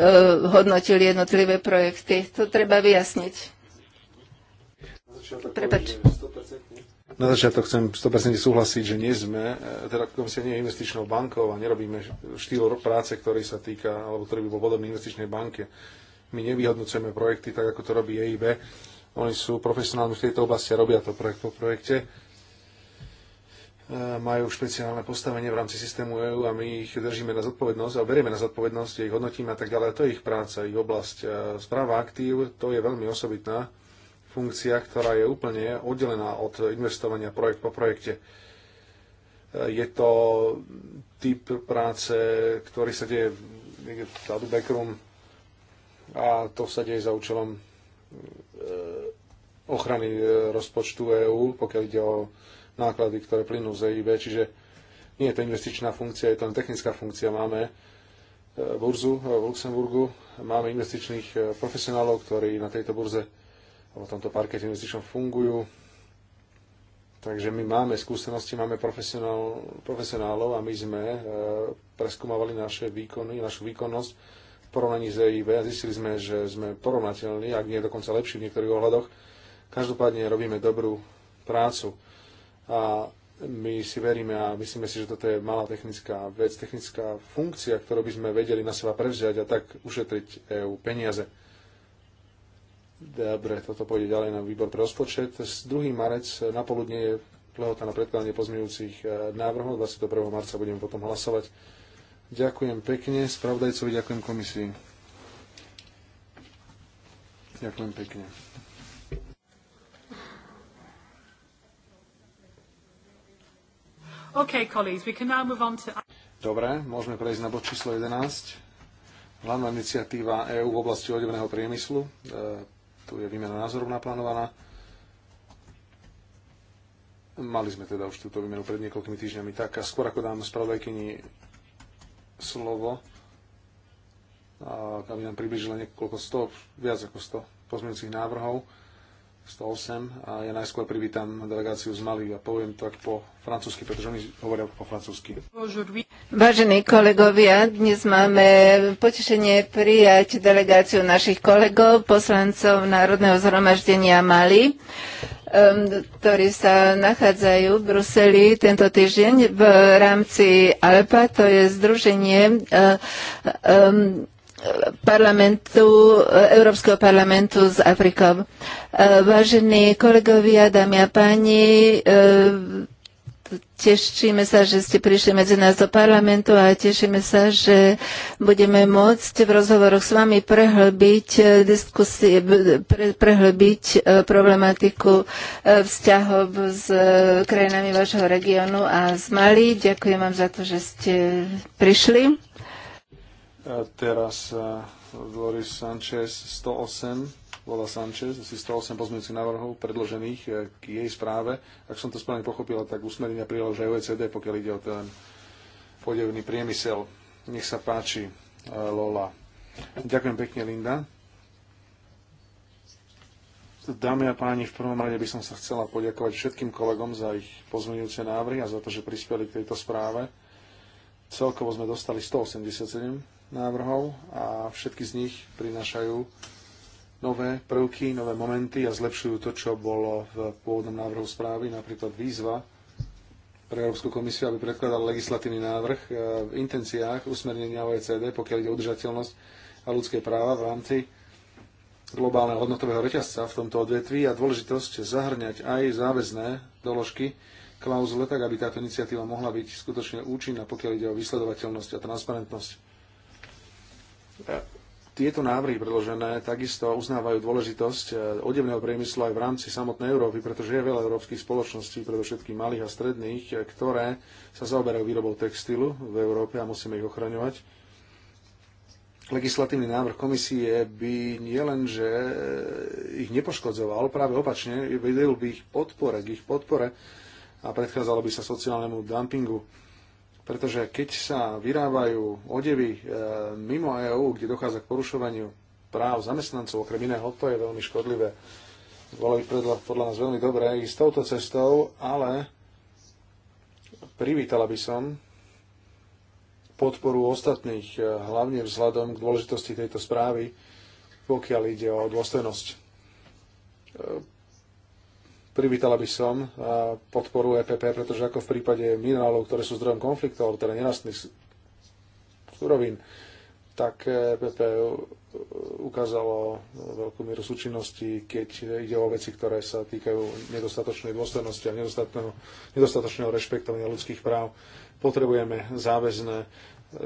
hodnotili jednotlivé projekty. To treba vyjasniť. Prepač. Na začiatok chcem 100% súhlasiť, že nie sme, e, teda komisia nie je investičnou bankou a nerobíme štýl práce, ktorý sa týka, alebo ktorý by bol podobný investičnej banke. My nevyhodnocujeme projekty tak, ako to robí EIB. Oni sú profesionálni v tejto oblasti a robia to projekt po projekte e, majú špeciálne postavenie v rámci systému EU a my ich držíme na zodpovednosť a berieme na zodpovednosť, ich hodnotíme a tak ďalej. To je ich práca, ich oblasť. E, správa aktív, to je veľmi osobitná funkcia, ktorá je úplne oddelená od investovania projekt po projekte. Je to typ práce, ktorý sa deje vzadu backroom a to sa deje za účelom e, ochrany e, rozpočtu EÚ, pokiaľ ide o náklady, ktoré plynú z EIB, čiže nie je to investičná funkcia, je to len technická funkcia. Máme e, burzu v Luxemburgu, máme investičných profesionálov, ktorí na tejto burze v tomto parkete investičnom fungujú. Takže my máme skúsenosti, máme profesionál, profesionálov a my sme e, preskúmavali naše výkony, našu výkonnosť v porovnaní s EIB a zistili sme, že sme porovnateľní, ak nie dokonca lepší v niektorých ohľadoch. Každopádne robíme dobrú prácu a my si veríme a myslíme si, že toto je malá technická vec, technická funkcia, ktorú by sme vedeli na seba prevziať a tak ušetriť EU peniaze. Dobre, toto pôjde ďalej na výbor pre rozpočet. 2. marec na poludne je lehota na predkladanie pozmeňujúcich e, návrhov. 21. marca budeme potom hlasovať. Ďakujem pekne spravodajcovi, ďakujem komisii. Ďakujem pekne. Okay, colleagues, we can now move on to... Dobre, môžeme prejsť na bod číslo 11. Hlavná iniciatíva EÚ v oblasti odevného priemyslu. E, tu je výmena názorov naplánovaná. Mali sme teda už túto výmenu pred niekoľkými týždňami. Tak a skôr ako dám spravodajkyni slovo, aby nám približila niekoľko sto, viac ako 100 pozmeňujúcich návrhov, 108. A ja najskôr privítam delegáciu z Mali a poviem tak po francúzsky, pretože oni hovoria po francúzsky. Vážení kolegovia, dnes máme potešenie prijať delegáciu našich kolegov, poslancov Národného zhromaždenia Mali ktorí sa nachádzajú v Bruseli tento týždeň v rámci ALPA, to je Združenie eh, parlamentu, Európskeho parlamentu s Afrikou. Vážení kolegovia, dámy a páni, Tešíme sa, že ste prišli medzi nás do parlamentu a tešíme sa, že budeme môcť v rozhovoroch s vami prehlbiť, eh, diskusie, pre, prehlbiť eh, problematiku eh, vzťahov s krajinami vašho regiónu a z Mali. Ďakujem vám za to, že ste prišli teraz e, Loris Sanchez 108, Lola Sanchez, asi 108 pozmeňujúcich návrhov predložených e, k jej správe. Ak som to správne pochopila, tak usmerenia prijala už aj OECD, pokiaľ ide o ten podevný priemysel. Nech sa páči, e, Lola. Ďakujem pekne, Linda. Dámy a páni, v prvom rade by som sa chcela poďakovať všetkým kolegom za ich pozmeňujúce návrhy a za to, že prispeli k tejto správe. Celkovo sme dostali 187 návrhov a všetky z nich prinášajú nové prvky, nové momenty a zlepšujú to, čo bolo v pôvodnom návrhu správy, napríklad výzva pre Európsku komisiu, aby predkladala legislatívny návrh e, v intenciách usmernenia OECD, pokiaľ ide o udržateľnosť a ľudské práva v rámci globálneho hodnotového reťazca v tomto odvetví a dôležitosť zahrňať aj záväzné doložky klauzule, tak aby táto iniciatíva mohla byť skutočne účinná, pokiaľ ide o vysledovateľnosť a transparentnosť. Tieto návrhy predložené takisto uznávajú dôležitosť eh, odevného priemyslu aj v rámci samotnej Európy, pretože je veľa európskych spoločností, predovšetkým malých a stredných, eh, ktoré sa zaoberajú výrobou textilu v Európe a musíme ich ochraňovať. Legislatívny návrh komisie by že eh, ich nepoškodzoval, práve opačne, vedel by ich podpore, k ich podpore a predchádzalo by sa sociálnemu dumpingu pretože keď sa vyrábajú odevy e, mimo EÚ, kde dochádza k porušovaniu práv zamestnancov, okrem iného, to je veľmi škodlivé. Bolo by podľa, podľa nás veľmi dobré ísť touto cestou, ale privítala by som podporu ostatných, e, hlavne vzhľadom k dôležitosti tejto správy, pokiaľ ide o dôstojnosť e, privítala by som podporu EPP, pretože ako v prípade minerálov, ktoré sú zdrojom konfliktov, alebo teda nerastných surovín, tak EPP ukázalo veľkú mieru súčinnosti, keď ide o veci, ktoré sa týkajú nedostatočnej dôstojnosti a nedostatočného rešpektovania ľudských práv. Potrebujeme záväzné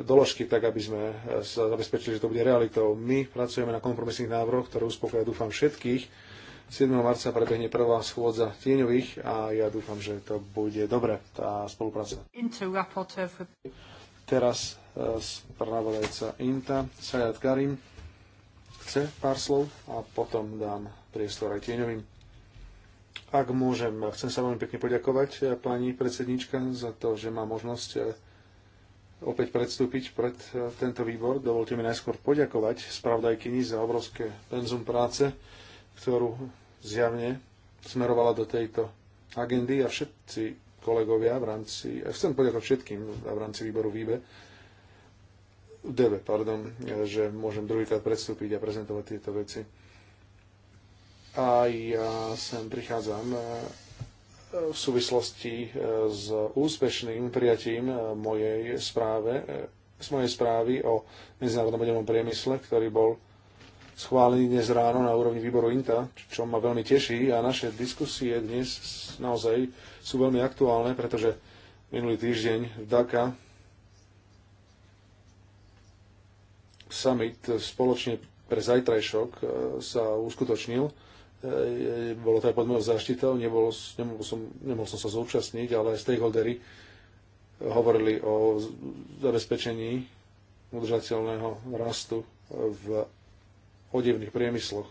doložky, tak aby sme sa zabezpečili, že to bude realitou. My pracujeme na kompromisných návrhoch, ktoré uspokoja, dúfam, všetkých 7. marca prebehne prvá schôdza tieňových a ja dúfam, že to bude dobre, tá spolupráca. Teraz e, spravodajca INTA, Sajad Karim, chce pár slov a potom dám priestor aj tieňovým. Ak môžem, chcem sa veľmi pekne poďakovať e, pani predsednička za to, že má možnosť e, opäť predstúpiť pred tento výbor. Dovolte mi najskôr poďakovať spravodajkyni za obrovské penzum práce, ktorú zjavne smerovala do tejto agendy a všetci kolegovia v rámci, a chcem poďakovať všetkým v rámci výboru VIBE, DB, pardon, že môžem druhýkrát predstúpiť a prezentovať tieto veci. A ja sem prichádzam e, v súvislosti e, s úspešným prijatím e, mojej správe, z mojej správy o medzinárodnom vedenom priemysle, ktorý bol schválený dnes ráno na úrovni výboru INTA, čo ma veľmi teší a naše diskusie dnes naozaj sú veľmi aktuálne, pretože minulý týždeň v Daka summit spoločne pre zajtrajšok e, sa uskutočnil. E, e, bolo to aj pod mojou záštitou, nemohol, som, nemohol som sa zúčastniť, ale stakeholdery hovorili o zabezpečení udržateľného rastu v odevných priemysloch,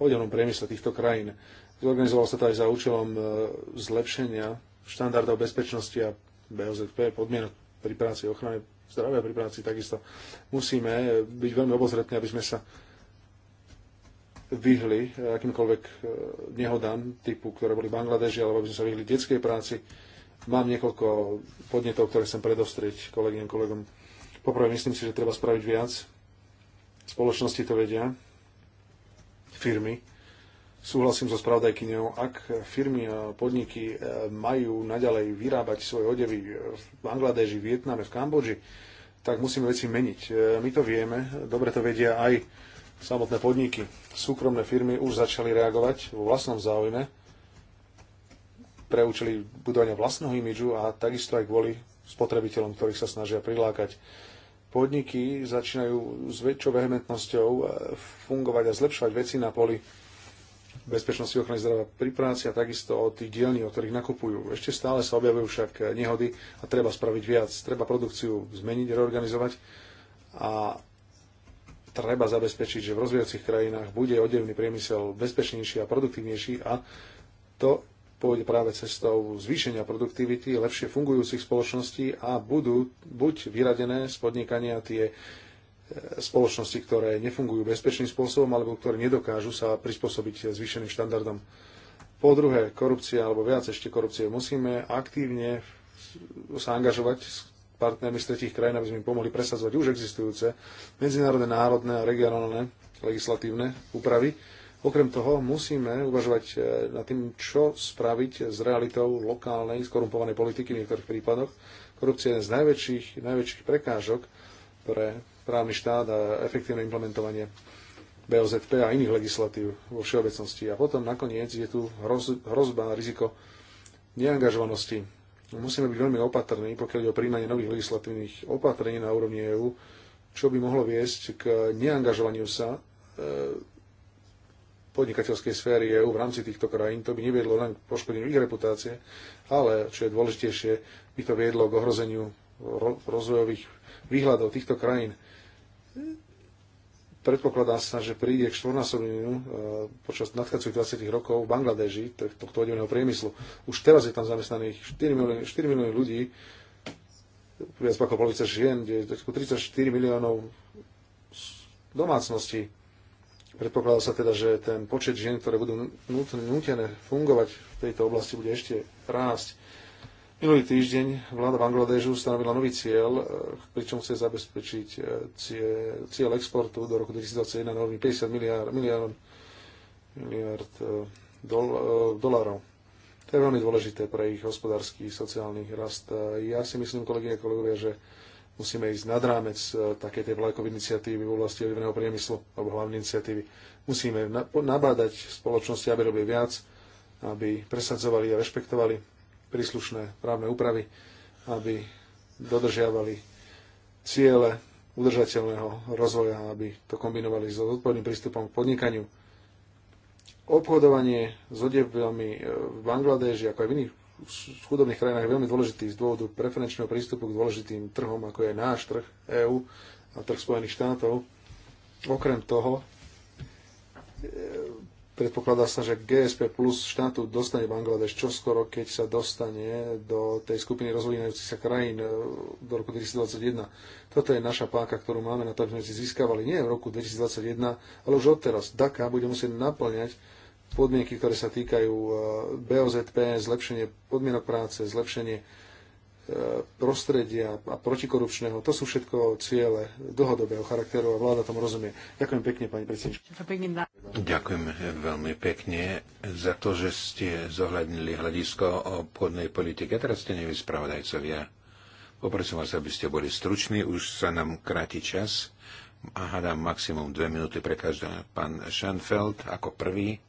odevnom priemysle týchto krajín. Zorganizoval sa to aj za účelom e, zlepšenia štandardov bezpečnosti a BOZP, podmienok pri práci, ochrany zdravia pri práci, takisto musíme e, byť veľmi obozretní, aby sme sa vyhli e, akýmkoľvek nehodám typu, ktoré boli v Bangladeži, alebo aby sme sa vyhli detskej práci. Mám niekoľko podnetov, ktoré chcem predostrieť kolegyňam, kolegom. Poprvé, myslím si, že treba spraviť viac. Spoločnosti to vedia firmy. Súhlasím so spravodajkyňou, ak firmy a podniky e, majú naďalej vyrábať svoje odevy v Bangladeži, Vietname, v Kambodži, tak musíme veci meniť. E, my to vieme, dobre to vedia aj samotné podniky. Súkromné firmy už začali reagovať vo vlastnom záujme pre účely budovania vlastného imidžu a takisto aj kvôli spotrebiteľom, ktorých sa snažia prilákať podniky začínajú s väčšou vehementnosťou e, fungovať a zlepšovať veci na poli bezpečnosti ochrany zdravia pri práci a takisto od tých dielní, od ktorých nakupujú. Ešte stále sa objavujú však e, nehody a treba spraviť viac. Treba produkciu zmeniť, reorganizovať a treba zabezpečiť, že v rozvíjacích krajinách bude odevný priemysel bezpečnejší a produktívnejší a to pôjde práve cestou zvýšenia produktivity, lepšie fungujúcich spoločností a budú buď vyradené z podnikania tie e, spoločnosti, ktoré nefungujú bezpečným spôsobom alebo ktoré nedokážu sa prispôsobiť zvýšeným štandardom. Po druhé, korupcia alebo viac ešte korupcie. Musíme aktívne sa angažovať s partnermi z tretich krajín, aby sme im pomohli presadzovať už existujúce medzinárodné, národné a regionálne legislatívne úpravy Okrem toho musíme uvažovať e, nad tým, čo spraviť s realitou lokálnej skorumpovanej politiky v niektorých prípadoch. Korupcia je jeden z najväčších, najväčších prekážok pre právny štát a efektívne implementovanie BOZP a iných legislatív vo všeobecnosti. A potom nakoniec je tu hrozba, a riziko neangažovanosti. Musíme byť veľmi opatrní, pokiaľ ide o príjmanie nových legislatívnych opatrení na úrovni EÚ, čo by mohlo viesť k neangažovaniu sa e, podnikateľskej sféry EÚ v rámci týchto krajín. To by neviedlo len k poškodeniu ich reputácie, ale, čo je dôležitejšie, by to viedlo k ohrozeniu rozvojových výhľadov týchto krajín. Predpokladá sa, že príde k štvornásobeniu e, počas nadchádzajúcich 20 rokov v Bangladeži, tohto odevného priemyslu. Už teraz je tam zamestnaných 4 milióny, 4 milióny ľudí, viac ako polovica žien, kde je 34 miliónov domácností Predpokladá sa teda, že ten počet žien, ktoré budú nutené fungovať v tejto oblasti, bude ešte rásť. Minulý týždeň vláda Bangladežu stanovila nový cieľ, eh, pričom chce zabezpečiť eh, cieľ, cieľ exportu do roku 2021 na úrovni 50 miliard, miliard, eh, miliard dol, dolárov. To je veľmi dôležité pre ich hospodársky, sociálny rast. Ja si myslím, kolegyne a kolegovia, že Musíme ísť nad rámec e, takej tej vlajkovej iniciatívy v oblasti olivného priemyslu, alebo hlavnej iniciatívy. Musíme nabádať spoločnosti, aby robili viac, aby presadzovali a rešpektovali príslušné právne úpravy, aby dodržiavali ciele udržateľného rozvoja, aby to kombinovali so odporným prístupom k podnikaniu. Obchodovanie s odevami e, v Bangladeži, ako aj v iných v chudobných krajinách je veľmi dôležitý z dôvodu preferenčného prístupu k dôležitým trhom, ako je náš trh EÚ a trh Spojených štátov. Okrem toho, e, predpokladá sa, že GSP plus štátu dostane Bangladeš čoskoro, keď sa dostane do tej skupiny rozvíjajúcich sa krajín e, do roku 2021. Toto je naša páka, ktorú máme na to, aby sme si získavali nie v roku 2021, ale už odteraz. Daka bude musieť naplňať podmienky, ktoré sa týkajú e, BOZP, zlepšenie podmienok práce, zlepšenie e, prostredia a protikorupčného. To sú všetko ciele dlhodobého charakteru a vláda tomu rozumie. Ďakujem pekne, pani predsednička. Ďakujem veľmi pekne za to, že ste zohľadnili hľadisko o podnej politike. Teraz ste nevy spravodajcovia. Poprosím vás, aby ste boli struční. Už sa nám kráti čas. A hádam maximum dve minúty pre každého. Pán Schanfeld ako prvý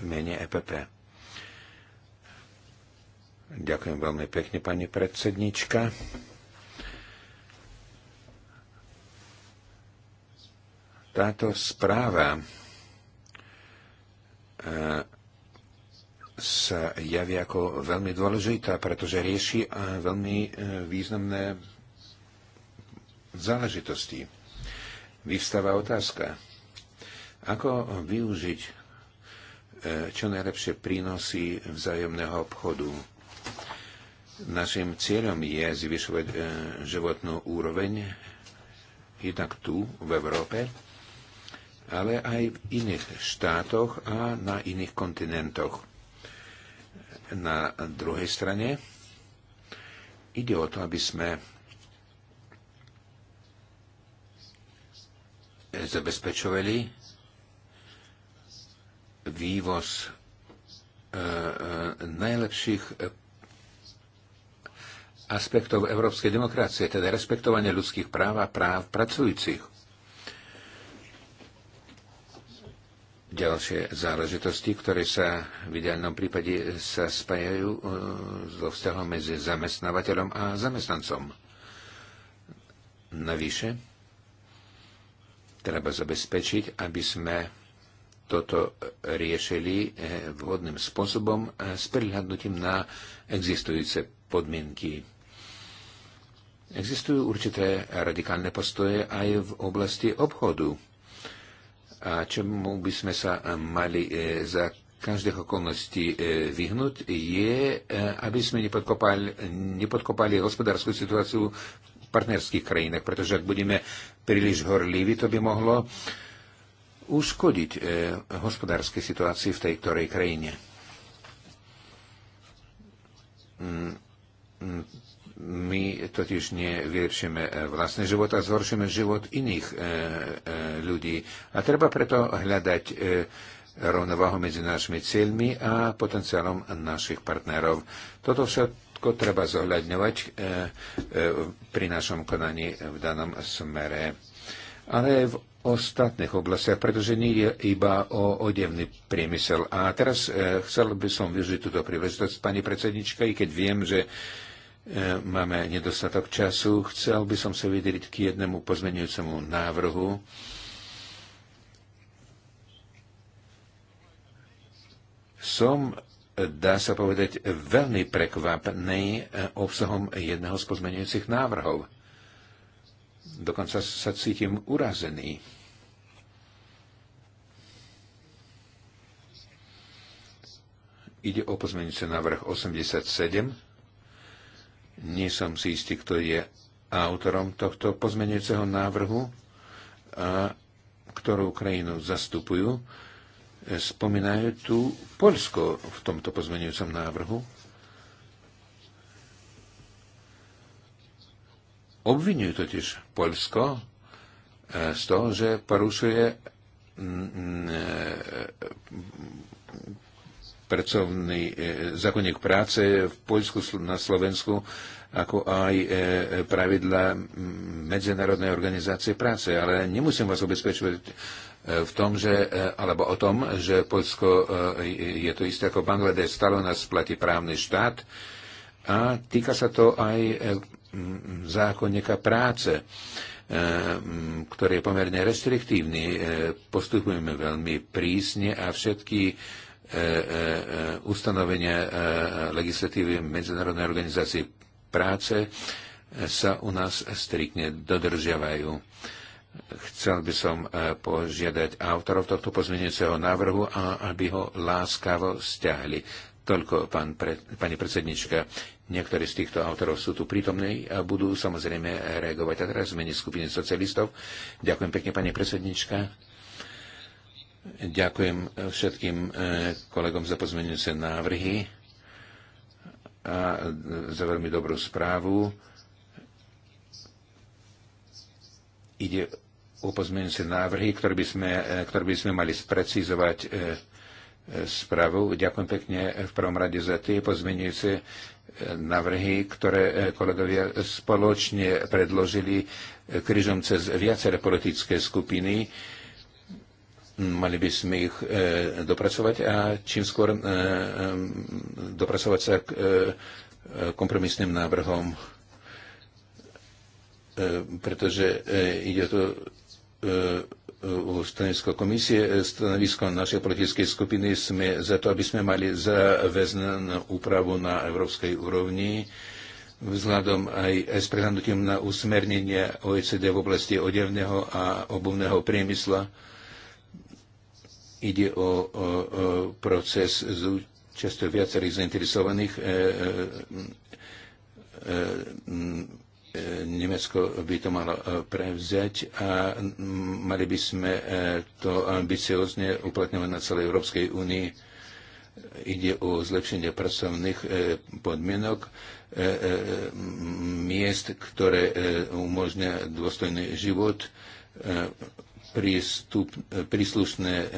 v mene EPP. Ďakujem veľmi pekne, pani predsednička. Táto správa e, sa javí ako veľmi dôležitá, pretože rieši e, veľmi e, významné záležitosti. Vyvstáva otázka, ako využiť E, čo najlepšie prínosy vzájomného obchodu. Našim cieľom je zvyšovať e, životnú úroveň jednak tu, v Európe, ale aj v iných štátoch a na iných kontinentoch. Na druhej strane ide o to, aby sme zabezpečovali vývoz e, e, najlepších e, aspektov európskej demokracie, teda respektovanie ľudských práv a práv pracujúcich. Ďalšie záležitosti, ktoré sa v ideálnom prípade sa spájajú so vzťahom medzi zamestnávateľom a zamestnancom. Navyše, treba zabezpečiť, aby sme toto riešili eh, vhodným spôsobom eh, s prihľadnutím na existujúce podmienky. Existujú určité radikálne postoje aj v oblasti obchodu. A čemu by sme sa eh, mali za každých okolností vyhnúť, je, aby sme nepodkopali, nepodkopali hospodárskú situáciu v partnerských krajinách, pretože ak budeme príliš horliví, to by mohlo uh, uškodiť e, hospodárskej situácii v tej ktorej krajine. Mm, mm, my totiž nevyriešime e, vlastný život a zhoršíme život iných e, e, ľudí. A treba preto hľadať e, rovnováhu medzi našimi cieľmi a potenciálom našich partnerov. Toto všetko treba zohľadňovať e, e, pri našom konaní v danom smere. Ale v ostatných oblastiach, pretože nie je iba o odevný priemysel. A teraz e, chcel by som využiť túto príležitosť, pani predsednička, i keď viem, že e, máme nedostatok času, chcel by som sa vydeliť k jednému pozmenujúcemu návrhu. Som, e, dá sa povedať, veľmi prekvapený e, obsahom jedného z pozmenujúcich návrhov Dokonca sa cítim urazený. Ide o pozmeňujúce návrh 87. Nie som si istý, kto je autorom tohto pozmenujúceho návrhu, a ktorú krajinu zastupujú. Spomínajú tu Polsko v tomto pozmenujúcom návrhu. Obvinujú totiž Polsko e, z toho, že porušuje e, pracovný e, zákonník práce v Poľsku na Slovensku, ako aj pravidla Medzinárodnej organizácie práce. Ale nemusím vás ubezpečovať v tom, že, alebo o tom, že Poľsko je to isté ako Bangladesh, stále nás platí právny štát a týka sa to aj zákonníka práce, e, ktorý je pomerne restriktívny. E, postupujeme veľmi prísne a všetky e, ustanovenia legislatívy Medzinárodnej organizácie práce sa u nás striktne dodržiavajú. Chcel by som požiadať autorov tohto pozmeňujúceho návrhu, aby ho láskavo stiahli. Toľko, pán pre, pani predsednička. Niektorí z týchto autorov sú tu prítomní a budú samozrejme reagovať. A teraz zmení skupiny socialistov. Ďakujem pekne, pani predsednička. Ďakujem všetkým e, kolegom za pozmenujúce návrhy a za veľmi dobrú správu. Ide o pozmenujúce návrhy, ktoré by sme, e, ktoré by sme mali sprecizovať e, správou. Ďakujem pekne v prvom rade za tie pozmenujúce e, navrhy, ktoré e, kolegovia spoločne predložili e, križom cez viaceré politické skupiny. Mali by sme ich dopracovať a čím skôr dopracovať sa k kompromisným návrhom, pretože ide to u stanovisko komisie, stanovisko našej politickej skupiny sme za to, aby sme mali záväznú úpravu na európskej úrovni vzhľadom aj, s prehľadnutím na usmernenie OECD v oblasti odevného a obuvného priemysla. Ide o, o, o proces často viacerých zainteresovaných e, e, e Nemecko by to malo e, prevziať a mali by sme e, to ambiciozne uplatňovať na celej Európskej únii. Ide o zlepšenie pracovných e, podmienok, miest, ktoré umožňa dôstojný život, prístup, príslušné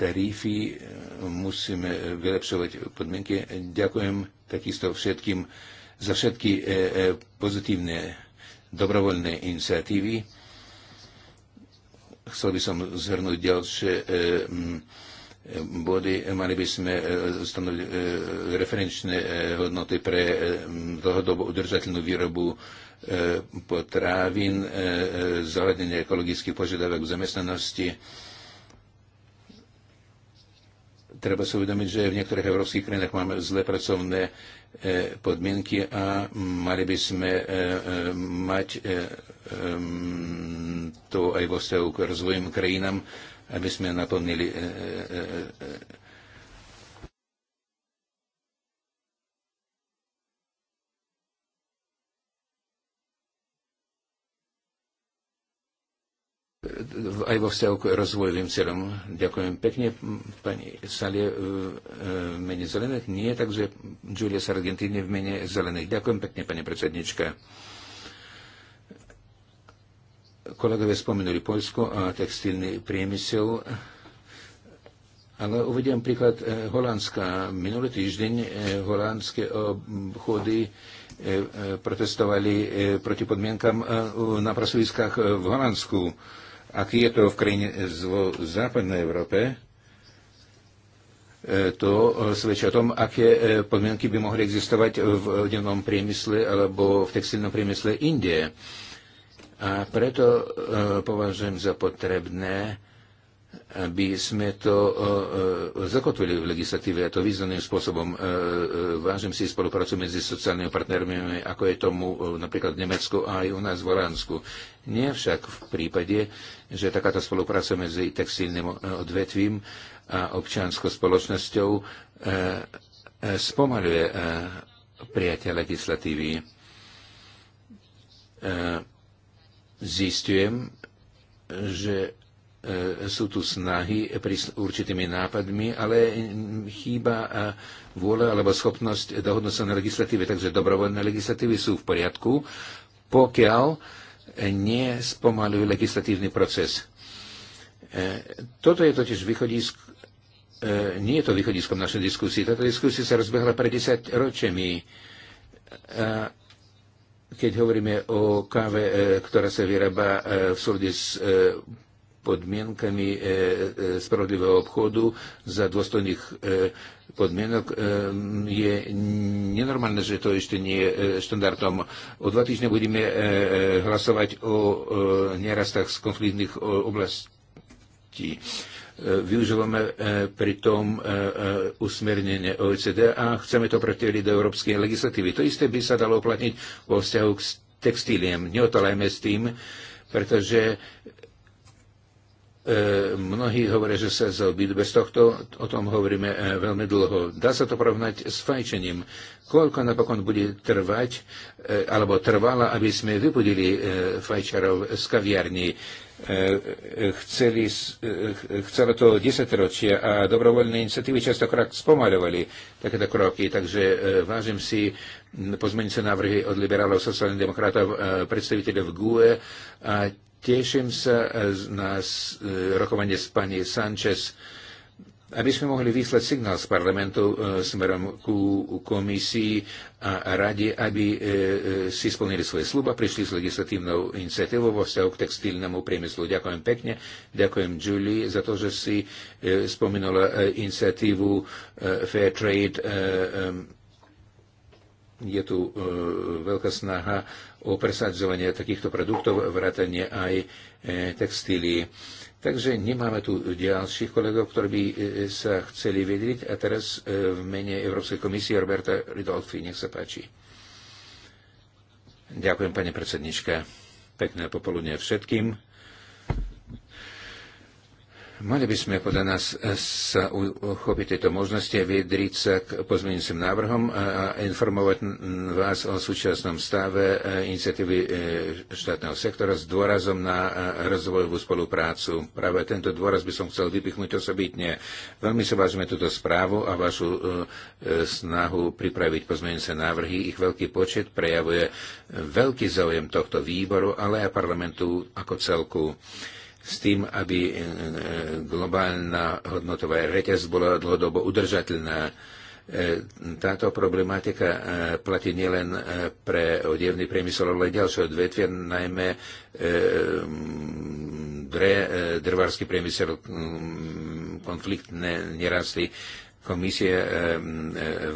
tarify, musíme vylepšovať podmienky. Ďakujem takisto všetkým za všetky e, e, pozitívne dobrovoľné iniciatívy. Chcel by som zhrnúť ďalšie e, body. Mali by sme stanoviť referenčné hodnoty pre dlhodobo udržateľnú výrobu potravín, zohľadenie ekologických požiadavok v zamestnanosti. Treba sa uvedomiť, že v niektorých európskych krajinách máme zlé pracovné E, podmienky a mali by sme e, e, mať to aj vo vzťahu k rozvojovým krajinám, aby sme naplnili aj vo vzťahu k rozvojovým cieľom. Ďakujem pekne, pani Salie v e, mene zelených. Nie, takže Julia Sargentini v mene zelených. Ďakujem pekne, pani predsednička. Kolegovia spomenuli polsku a textilný priemysel. Ale uvediem príklad e, Holandska. Minulý týždeň e, holandské obchody protestovali proti podmienkam na pracoviskách v Holandsku. Aký je to v krajine v západnej Európe, e, to e, svedčí o tom, aké e, podmienky by mohli existovať v dennom priemysle alebo v textilnom priemysle Indie. A preto považujem za potrebné aby sme to e, e, zakotvili v legislatíve a to významným spôsobom. E, vážim si spoluprácu medzi sociálnymi partnermi, ako je tomu napríklad v Nemecku a aj u nás v Holandsku. Nie však v prípade, že takáto spolupráca medzi textilným odvetvím a občianskou spoločnosťou spomaluje prijatia legislatívy. Zistujem, že E, sú tu snahy pri určitými nápadmi, ale chýba e, vôľa alebo schopnosť dohodnúť sa na legislatíve. Takže dobrovoľné legislatívy sú v poriadku, pokiaľ nespomalujú legislatívny proces. E, toto je totiž východisko, nie je to východiskom našej diskusie. Táto diskusia sa rozbehla pred 10 ročami. A keď hovoríme o káve, ktorá sa vyrába v súlade s podmienkami e, e, spravodlivého obchodu za dôstojných e, podmienok je nenormálne, že to ešte nie je štandardom. O dva týždne budeme hlasovať o nerastách z konfliktných oblastí. Využívame pritom usmernenie OECD a chceme to pretvoriť do európskej legislatívy. To isté by sa dalo uplatniť vo vzťahu k textíliem. Neotalajme s tým, pretože E, mnohí hovoria, že sa zaobídu bez tohto, o tom hovoríme e, veľmi dlho. Dá sa to porovnať s fajčením. Koľko napokon bude trvať, e, alebo trvala, aby sme vypudili fajčarov z kaviarní? Chceli, chcelo to 10 ročia a dobrovoľné iniciatívy častokrát spomaľovali takéto kroky, takže vážim si pozmeňujúce návrhy od liberálov, sociálnych demokratov, predstaviteľov GUE a Teším sa e, na e, rokovanie s pani Sanchez, aby sme mohli vyslať signál z parlamentu e, smerom ku komisii a rade, aby si splnili svoje sluba, prišli s legislatívnou iniciatívou vo vzťahu k textilnému priemyslu. Ďakujem pekne, ďakujem Julie za to, že si spomenula iniciatívu Fair Trade. Je tu veľká snaha o presadzovanie takýchto produktov, vrátanie aj e, textílii. Takže nemáme tu ďalších kolegov, ktorí by e, sa chceli vedieť. A teraz e, v mene Európskej komisie Roberta Ridolfi, nech sa páči. Ďakujem, pani predsednička. Pekné popoludne všetkým. Mali by sme podľa nás eh, sa uchopiť tejto možnosti a vyjadriť sa k pozmeňujúcim návrhom a informovať vás o súčasnom stave eh, iniciatívy eh, štátneho sektora s dôrazom na rozvojovú spoluprácu. Práve tento dôraz by som chcel vypichnúť osobitne. Veľmi sa vážime túto správu a vašu snahu pripraviť pozmeňujúce návrhy. Ich veľký počet prejavuje veľký záujem tohto výboru, ale aj parlamentu ako celku s tým, aby e, e, globálna hodnotová reťaz bola dlhodobo udržateľná. E, táto problematika platí nielen pre odevný priemysel, ale ďalšie odvetvia, najmä drvársky priemysel, konfliktné nerasty, Komisie eh, eh,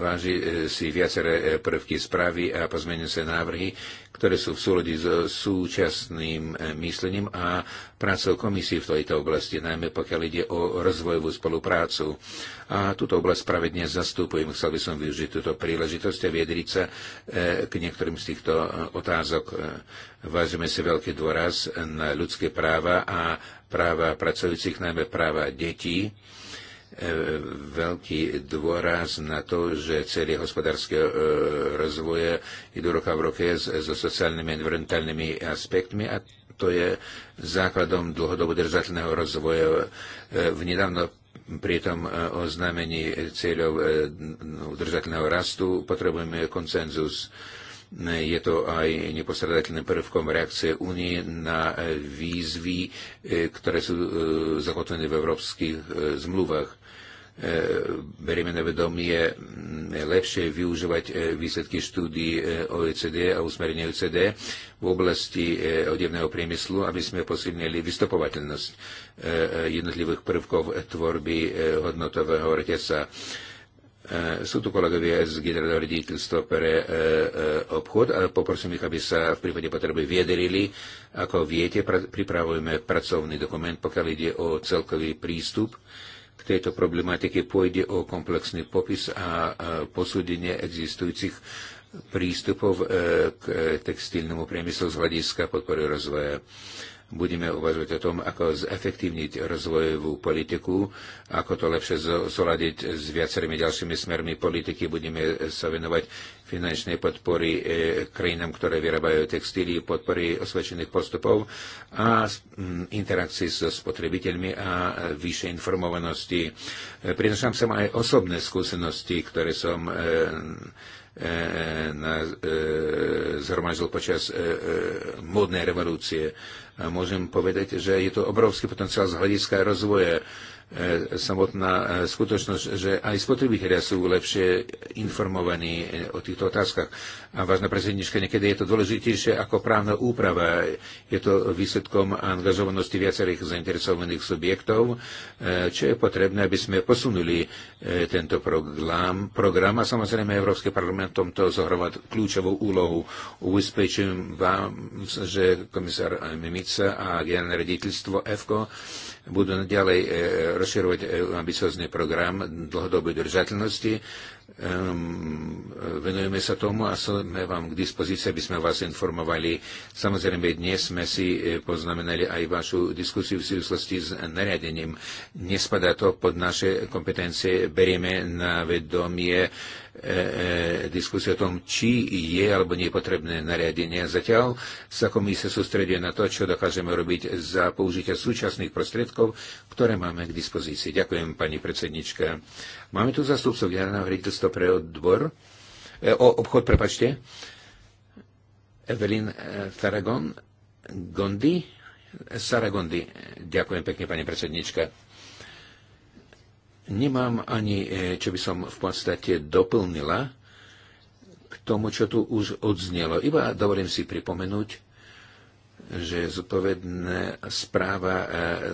váži eh, si viaceré prvky správy a pozmenujúce návrhy, ktoré sú v súlodi so súčasným myslením a prácou komisie v tejto oblasti, najmä pokiaľ ide o rozvojovú spoluprácu. A túto oblasť práve dnes zastupujem. Chcel by som využiť túto príležitosť a viedriť sa k niektorým z týchto otázok. Vážime si veľký dôraz na ľudské práva a práva pracujúcich, najmä práva detí E, veľký dôraz na to, že celé hospodárske e, rozvoje idú roka v roke so sociálnymi a environmentálnymi aspektmi a to je základom dlhodobo držateľného rozvoja. E, v nedávno pri tom oznámení cieľov udržateľného rastu potrebujeme koncenzus. Je to aj neposredateľným prvkom reakcie únie na výzvy, ktoré sú zakotvené v európskych zmluvách. E, berieme na vedomie lepšie využívať e, výsledky štúdí e, OECD a usmerenie OECD v oblasti odevného priemyslu, aby sme posilnili vystupovateľnosť jednotlivých prvkov tvorby hodnotového reťazca. Sú tu kolegovia z generálneho rediteľstva pre obchod a poprosím ich, aby sa v prípade potreby viederili. Ako viete, pripravujeme pracovný dokument, pokiaľ ide o celkový prístup tejto problematike pôjde o komplexný popis a posúdenie existujúcich prístupov e, k e, textilnému priemyslu z hľadiska podpory rozvoja. Budeme uvažovať o tom, ako zefektívniť rozvojovú politiku, ako to lepšie zoladiť s viacerými ďalšími smermi politiky. Budeme sa venovať finančnej podpory e, krajinám, ktoré vyrábajú textíly, podpory osvedčených postupov a interakcii so spotrebiteľmi a vyššej informovanosti. E, prinašam sa aj osobné skúsenosti, ktoré som e, zhromažil počas modnej revolúcie môžem povedať, že je to obrovský potenciál z hľadiska rozvoja. E, samotná e, skutočnosť, že aj spotrebitelia sú lepšie informovaní e, o týchto otázkach. A vážna predsednička, niekedy je to dôležitejšie ako právna úprava. Je to výsledkom angažovanosti viacerých zainteresovaných subjektov, e, čo je potrebné, aby sme posunuli e, tento program. program a samozrejme Európsky parlament tomto zohráva kľúčovú úlohu. Ubezpečujem vám, že komisár Mimica a generálne rediteľstvo EFKO budú ďalej e, rozširovať ambiciozný program dlhodobej držateľnosti. Ehm, venujeme sa tomu a som sme vám k dispozícii, aby sme vás informovali. Samozrejme, dnes sme si e, poznamenali aj vašu diskusiu v súvislosti s nariadením. Nespadá to pod naše kompetencie. Berieme na vedomie e, e, diskusiu o tom, či je alebo nie je potrebné nariadenie. Zatiaľ sa komisia sústreduje na to, čo dokážeme robiť za použitia súčasných prostriedkov, ktoré máme k dispozícii. Ďakujem, pani predsednička. Máme tu zastupcov generálneho riaditeľstva pre odbor. E, o obchod, prepačte. Evelyn Saragon, e, Gondi, Saragondi. Ďakujem pekne, pani predsednička. Nemám ani, e, čo by som v podstate doplnila k tomu, čo tu už odznelo. Iba dovolím si pripomenúť, že zodpovedná správa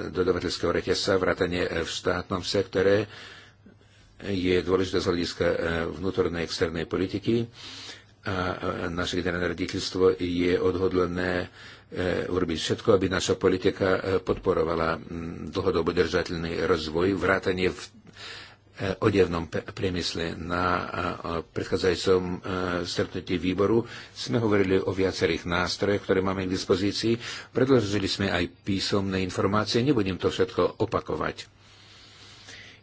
dodavateľského reťazca, vrátane v štátnom sektore, je dôležité z hľadiska e, vnútornej a externej politiky a e, naše generálne raditeľstvo je odhodlené e, urobiť všetko, aby naša politika podporovala dlhodobo držateľný rozvoj, vrátanie v odevnom priemysle. Na predchádzajúcom stretnutí výboru sme hovorili o viacerých nástrojoch, ktoré máme k dispozícii. Predložili sme aj písomné informácie, nebudem to všetko opakovať.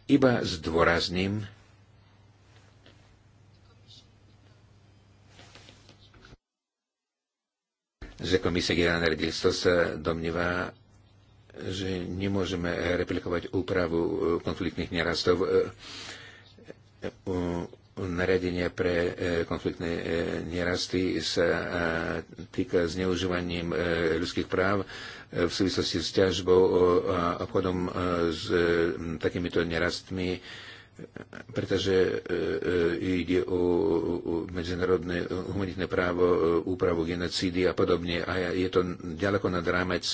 Iba zdôrazním, že komisia generálne riaditeľstvo sa domnieva, že nemôžeme replikovať úpravu e, konfliktných nerastov e, e, u nariadenia pre konfliktné nerasty sa týka zneužívaním ľudských práv v súvislosti s ťažbou e, a obchodom e, s e, takýmito nerastmi, pretože ide o medzinárodné humanitné právo, úpravu genocídy a podobne. A je to ďaleko nad rámec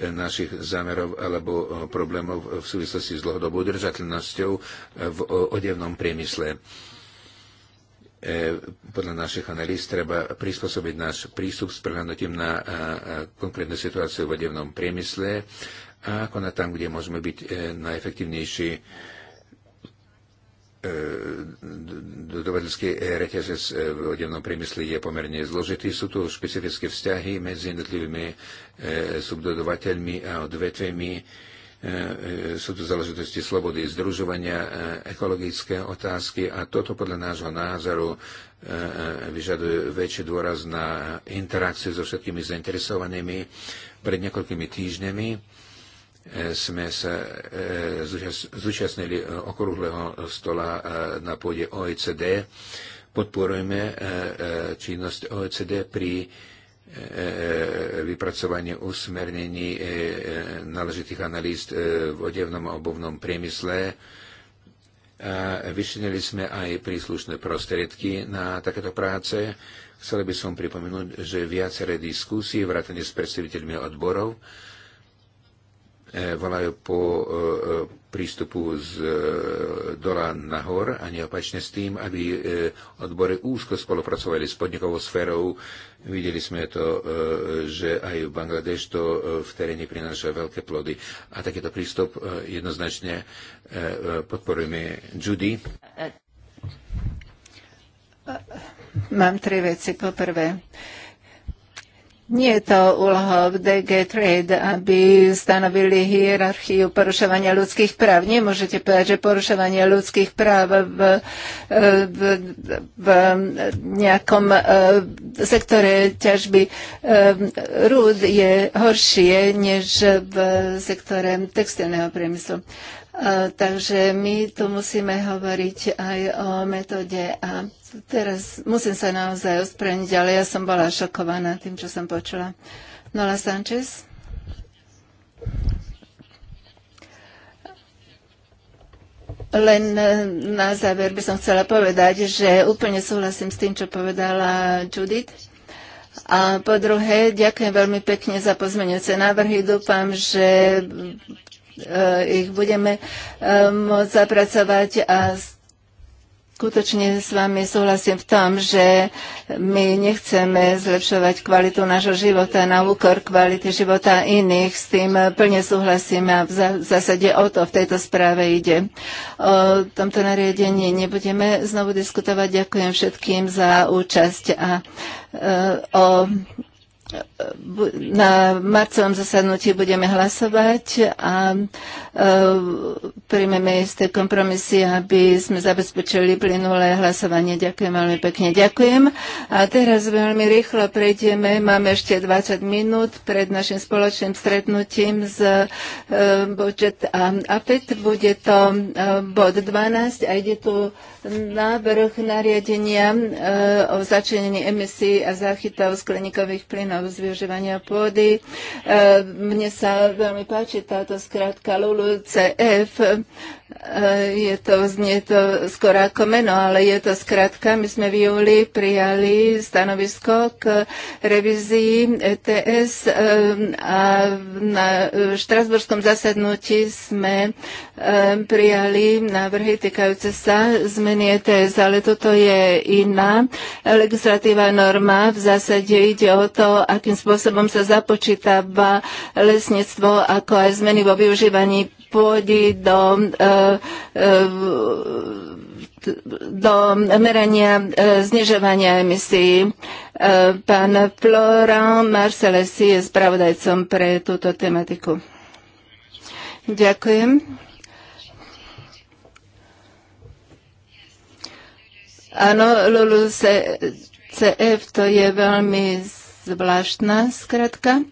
našich zámerov alebo problémov v súvislosti s dlhodobou udržateľnosťou v odevnom priemysle. E, podľa našich analýz treba prispôsobiť náš prístup s prehľadnutím na e, e, konkrétnu situáciu v odevnom priemysle a ako na tam, kde môžeme byť najefektívnejší dodavateľský reťazec v odevnom priemysle je pomerne zložitý. Sú tu špecifické vzťahy medzi jednotlivými subdodovateľmi a odvetvemi E, e, sú tu záležitosti slobody združovania, e, ekologické otázky a toto podľa nášho názoru vyžaduje väčší dôraz na interakciu so všetkými zainteresovanými. Pred niekoľkými týždňami sme sa zúčastnili okrúhleho stola na pôde OECD. Podporujeme činnosť OECD pri E, e, vypracovanie usmernení e, náležitých analýz v odevnom a obovnom priemysle. A vyčlenili sme aj príslušné prostriedky na takéto práce. Chcel by som pripomenúť, že viaceré diskusie, vrátane s predstaviteľmi odborov, E, volajú po e, e, prístupu z dola nahor a neopačne s tým, aby odbory úzko spolupracovali s podnikovou sférou. Videli sme to, že aj v Bangladeš to v teréne prináša veľké plody. A takýto prístup jednoznačne podporujeme. Judy? Mám tri veci. Po prvé, nie je to úlohou DG Trade, aby stanovili hierarchiu porušovania ľudských práv. Nemôžete povedať, že porušovanie ľudských práv v, e, v, v nejakom e, sektore ťažby e, rúd je horšie než v sektore textilného priemyslu. Takže my tu musíme hovoriť aj o metóde a teraz musím sa naozaj ospraniť, ale ja som bola šokovaná tým, čo som počula. Nola Sanchez. Len e, na záver by som chcela povedať, že úplne súhlasím s tým, čo povedala Judith. A po druhé, ďakujem veľmi pekne za pozmeňujúce návrhy. Dúfam, že Eh, ich budeme eh, môcť zapracovať a skutočne s vami súhlasím v tom, že my nechceme zlepšovať kvalitu nášho života na úkor kvality života iných. S tým eh, plne súhlasím a v zásade o to v tejto správe ide. O tomto nariadení nebudeme znovu diskutovať. Ďakujem všetkým za účasť a o na marcovom zasadnutí budeme hlasovať a e, príjmeme isté kompromisy, aby sme zabezpečili plynulé hlasovanie. Ďakujem veľmi pekne. Ďakujem. A teraz veľmi rýchlo prejdeme. Máme ešte 20 minút pred našim spoločným stretnutím z e, budžet a APET. Bude to e, bod 12 a ide tu návrh nariadenia o začlenení emisí a záchytov skleníkových plynov alebo z využívania pôdy. E, mne sa veľmi páči táto skratka CF. Eh, je to, znie to skoro ako meno, ale je to skratka. My sme v júli prijali stanovisko k revizii ETS eh, a na štrasburskom zasadnutí sme eh, prijali návrhy týkajúce sa zmeny ETS, ale toto je iná legislatíva norma. V zásade ide o to, akým spôsobom sa započítava lesníctvo, ako aj zmeny vo využívaní pôdy, do e, e, do merania e, znižovania emisí. Pán Florent Marcelesi je spravodajcom pre túto tematiku. Ďakujem. Áno, LULUCF to je veľmi zvláštna skratka. Uh,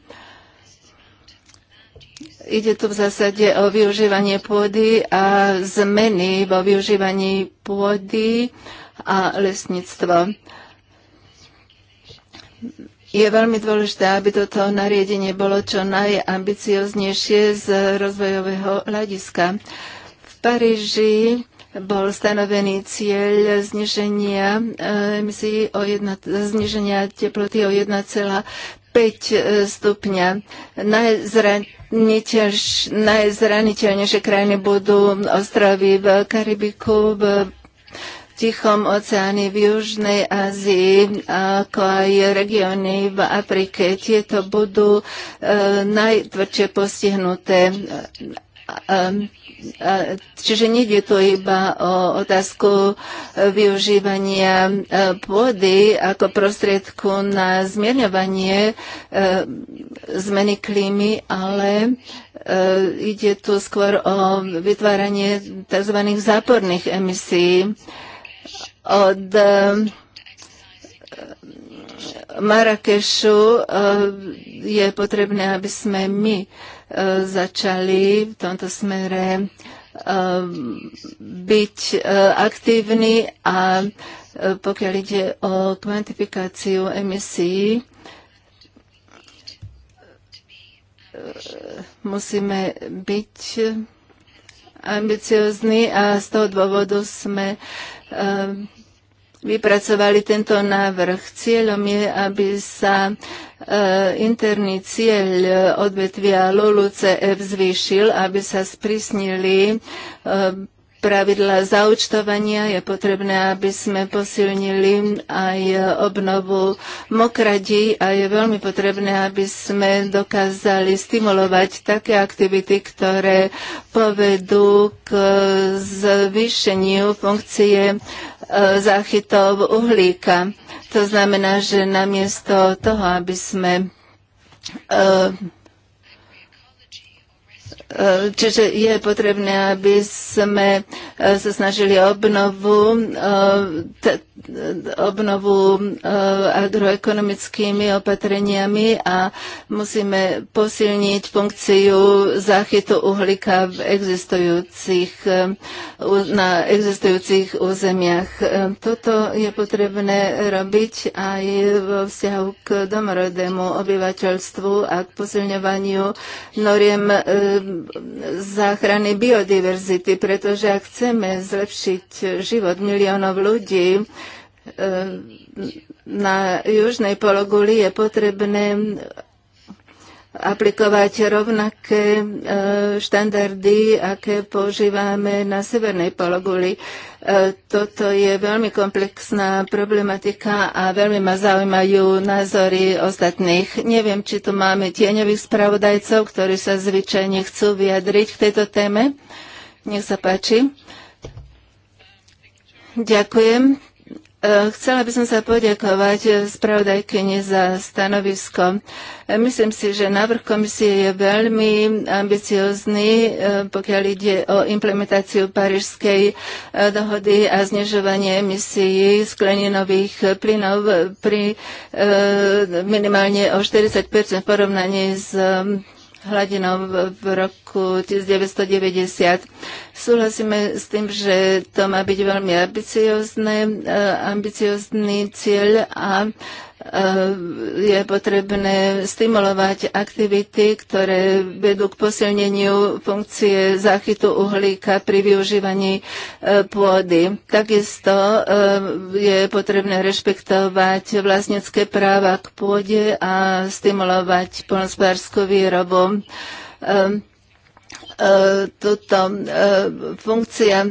Ide tu v zásade o využívanie pôdy a zmeny vo využívaní pôdy a lesníctvo. Je veľmi dôležité, aby toto nariadenie bolo čo najambicioznejšie z rozvojového hľadiska. V Paríži bol stanovený cieľ zniženia eh, emisí o jedna, zniženia teploty o 1,5 5 e, stupňa. Najzraniteľnejšie krajiny budú ostrovy v Karibiku, v Tichom oceáne v Južnej Ázii, ako aj regióny v Afrike. Tieto budú e, najtvrdšie postihnuté Ehm, e, čiže nejde to iba o otázku využívania e, pôdy ako prostriedku na zmierňovanie e, zmeny klímy, ale ide tu skôr o vytváranie tzv. záporných emisí od Marrakešu je potrebné, aby sme my začali v tomto smere eh, byť eh, aktívni a eh, pokiaľ ide o kvantifikáciu emisí, musíme byť ambiciozní a z toho dôvodu sme vypracovali tento návrh. Cieľom je, aby sa e, interný cieľ e, odvetvia CF zvýšil, aby sa sprísnili e, pravidla zaučtovania. Je potrebné, aby sme posilnili aj obnovu mokradí a je veľmi potrebné, aby sme dokázali stimulovať také aktivity, ktoré povedú k zvýšeniu funkcie e, záchytov uhlíka. To znamená, že namiesto toho, aby sme e, Eh, čiže je potrebné, aby sme eh, sa snažili obnovu, eh, obnovu agroekonomickými opatreniami a musíme posilniť funkciu záchytu uhlíka v existujúcich, na existujúcich územiach. Toto je potrebné robiť aj vo vzťahu k domorodému obyvateľstvu a k posilňovaniu noriem záchrany biodiverzity, pretože ak chceme zlepšiť život miliónov ľudí, eh, na južnej pologuli je potrebné aplikovať rovnaké e, štandardy, aké používame na severnej pologuli. E, toto je veľmi komplexná problematika a veľmi ma zaujímajú názory ostatných. Neviem, či tu máme tieňových spravodajcov, ktorí sa zvyčajne chcú vyjadriť k tejto téme. Nech sa páči. Ďakujem. E, chcela by som sa poďakovať spravodajkyni za stanovisko. E, myslím si, že návrh komisie je veľmi ambiciozný, e, pokiaľ ide o implementáciu Parížskej dohody a znižovanie emisií skleninových plynov pri minimálne o 40 v porovnaní s hladinou v roku 1990. Súhlasíme s tým, že to má byť veľmi ambiciozné, e, ambiciozný cieľ a e, je potrebné stimulovať aktivity, ktoré vedú k posilneniu funkcie záchytu uhlíka pri využívaní e, pôdy. Takisto je potrebné rešpektovať vlastnické práva k pôde a stimulovať polnospodárskú výrobu. E, túto e, funkcia e,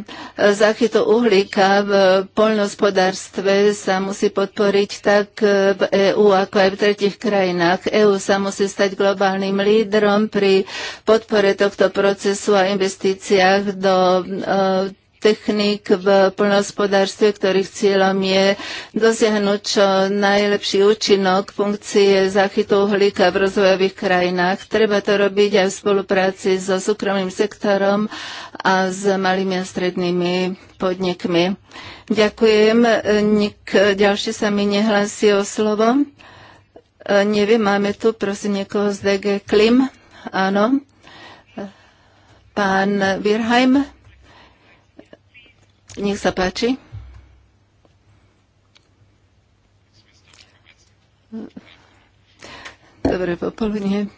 záchytu uhlíka v poľnohospodárstve sa musí podporiť tak v EÚ, ako aj v tretich krajinách. EÚ sa musí stať globálnym lídrom pri podpore tohto procesu a investíciách do Technik v plnohospodárstve, ktorých cieľom je dosiahnuť čo najlepší účinok funkcie zachytu uhlíka v rozvojových krajinách. Treba to robiť aj v spolupráci so súkromným sektorom a s malými a strednými podnikmi. Ďakujem. Nik, ďalšie sa mi nehlási o slovo. E, neviem, máme tu prosím niekoho z DG Klim. Áno. Pán Wirheim. Nech sa páči. Dobre popoludne.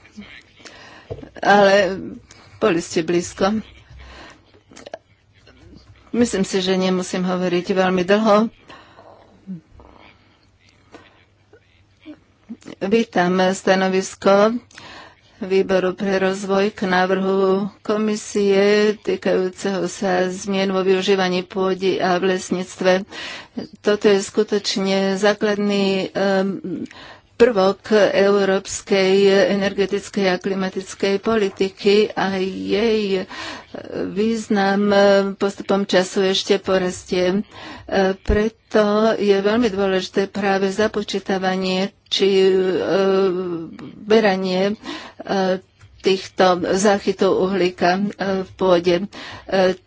Ale boli ste blízko. Myslím si, že nemusím hovoriť veľmi dlho. Vítam stanovisko výboru pre rozvoj k návrhu komisie týkajúceho sa zmien vo využívaní pôdy a v lesníctve. Toto je skutočne základný um, prvok európskej energetickej a klimatickej politiky a jej význam postupom času ešte porastie. Preto je veľmi dôležité práve započítavanie či e, beranie e, týchto záchytov uhlíka e, v pôde. E,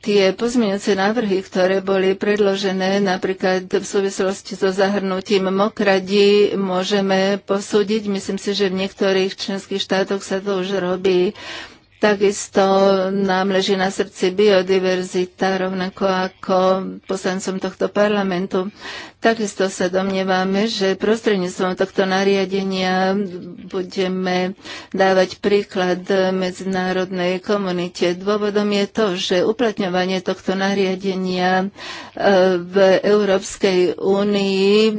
tie pozmeňujúce návrhy, ktoré boli predložené napríklad v súvislosti so zahrnutím mokradí, môžeme posúdiť. Myslím si, že v niektorých členských štátoch sa to už robí Takisto nám leží na srdci biodiverzita, rovnako ako poslancom tohto parlamentu. Takisto sa domnievame, že prostredníctvom tohto nariadenia budeme dávať príklad medzinárodnej komunite. Dôvodom je to, že uplatňovanie tohto nariadenia e, v Európskej únii e,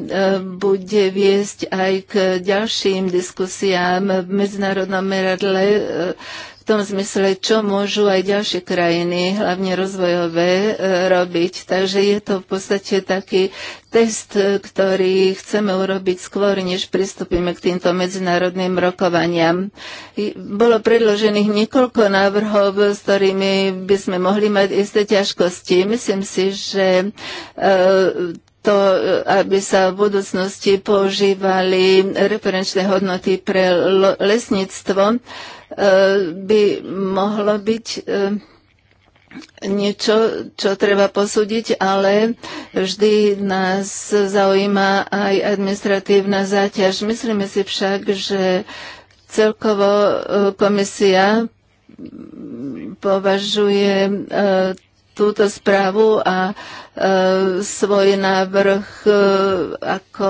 bude viesť aj k ďalším diskusiám v medzinárodnom meradle e, tom zmysle, čo môžu aj ďalšie krajiny, hlavne rozvojové, e, robiť. Takže je to v podstate taký test, e, ktorý chceme urobiť skôr, než pristúpime k týmto medzinárodným rokovaniam. Bolo predložených niekoľko návrhov, s ktorými by sme mohli mať isté ťažkosti. Myslím si, že e, to, aby sa v budúcnosti používali referenčné hodnoty pre lesníctvo, Eh, by mohlo byť eh, niečo, čo treba posúdiť, ale vždy nás zaujíma aj administratívna záťaž. Myslíme si však, že celkovo eh, komisia považuje túto správu a e, svoj návrh e, ako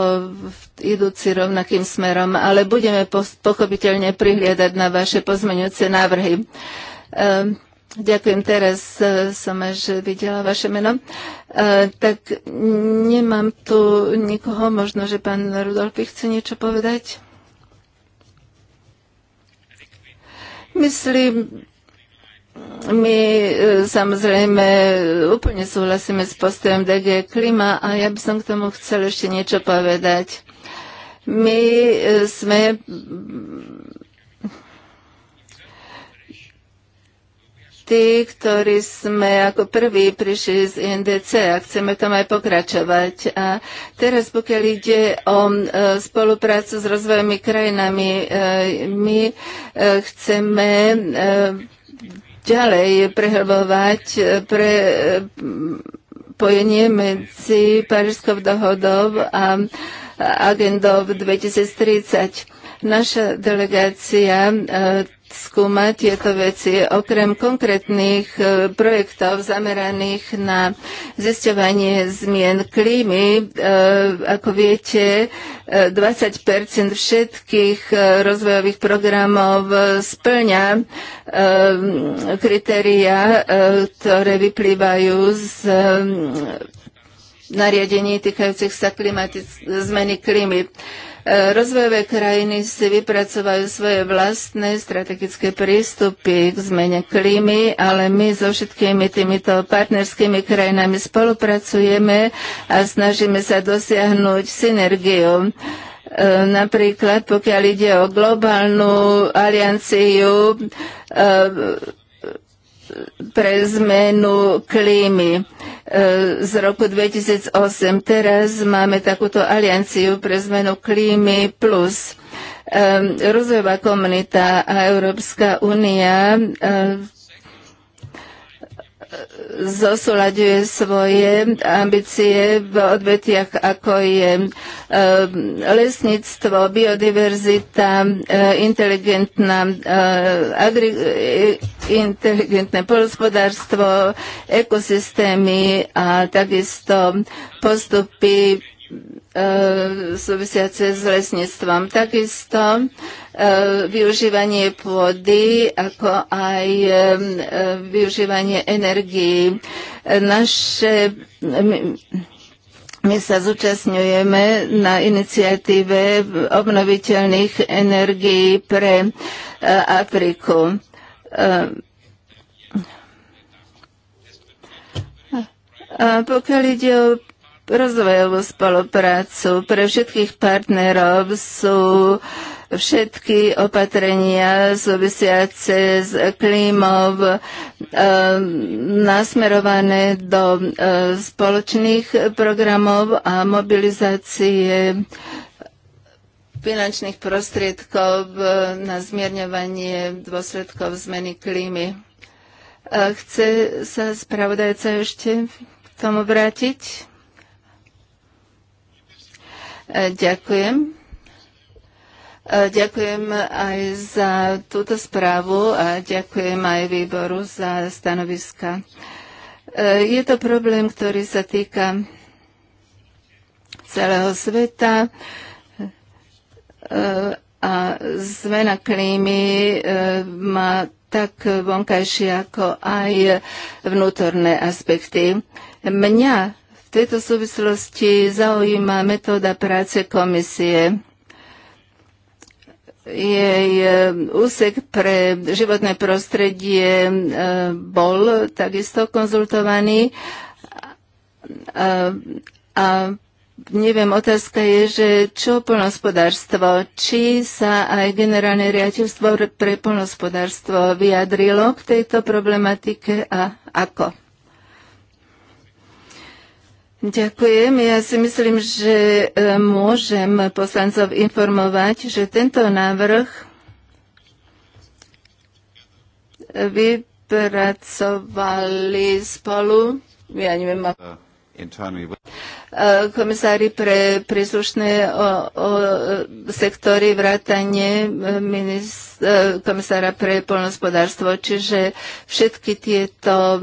idúci rovnakým smerom, ale budeme po, pochopiteľne prihliadať na vaše pozmeňujúce návrhy. E, Ďakujem, teraz e, som až videla vaše meno. E, Tak nemám tu nikoho, možno, že pán Rudolf chce niečo povedať. Myslím, my e, samozrejme úplne súhlasíme s postojom DG Klima a ja by som k tomu chcel ešte niečo povedať. My e, sme tí, ktorí sme ako prví prišli z INDC a chceme tam aj pokračovať. A teraz, pokiaľ ide o e, spoluprácu s rozvojmi krajinami, my chceme ďalej prehlbovať e, pre e, pojenie medzi Parížskou dohodou a agendou 2030. Naša delegácia e, skúmať tieto veci. Okrem konkrétnych e, projektov zameraných na zisťovanie zmien klímy, e, ako viete, 20 e, všetkých rozvojových programov splňa kritéria, ktoré vyplývajú z nariadení týkajúcich sa zmeny klímy. Rozvojové krajiny si vypracovajú svoje vlastné strategické prístupy k zmene klímy, ale my so všetkými týmito partnerskými krajinami spolupracujeme a snažíme sa dosiahnuť synergiu e, napríklad pokiaľ ide o globálnu alianciu e, pre zmenu klímy e, z roku 2008. Teraz máme takúto alianciu pre zmenu klímy plus. E, rozvojová komunita a Európska únia e, zosúľaďuje svoje ambície v odvetiach, ako je lesníctvo, biodiverzita, inteligentná agri- inteligentné polospodárstvo, ekosystémy a takisto postupy e, súvisiace s lesníctvom. Takisto e, využívanie pôdy, ako aj e, využívanie energii. Naše my sa zúčastňujeme na iniciatíve obnoviteľných energií pre Afriku. Ehm, a pokiaľ ide o rozvojovú spoluprácu, pre všetkých partnerov sú všetky opatrenia súvisiace s klímov ehm, nasmerované do e, spoločných programov a mobilizácie uh, finančných prostriedkov e, na zmierňovanie dôsledkov zmeny klímy. E, chce sa spravodajca ešte k tomu vrátiť? E, ďakujem. Ďakujem aj za túto správu a ďakujem aj výboru za stanoviska. Je to problém, ktorý sa týka celého sveta. E, a zmena klímy e, má tak vonkajšie ako aj vnútorné aspekty. Mňa v tejto súvislosti zaujíma metóda práce komisie jej e, úsek pre životné prostredie bol takisto konzultovaný a neviem, otázka je, že čo polnospodárstvo, či sa aj generálne riaditeľstvo pre polnospodárstvo vyjadrilo k tejto problematike a ako? Ďakujem. Ja si myslím, že e, môžem poslancov informovať, že tento návrh vypracovali spolu, ja neviem, Eh, komisári pre príslušné sektory vrátanie eh, eh, komisára pre polnospodárstvo. Čiže všetky tieto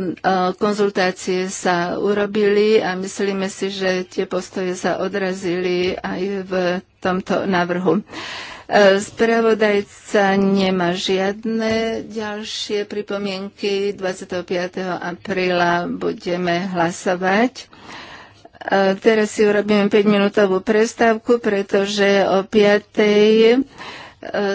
konzultácie sa urobili a myslíme si, že tie postoje sa odrazili aj v tomto návrhu. Spravodajca nemá žiadne ďalšie pripomienky. 25. apríla budeme hlasovať. Teraz si urobíme 5-minútovú prestávku, pretože o 5 e,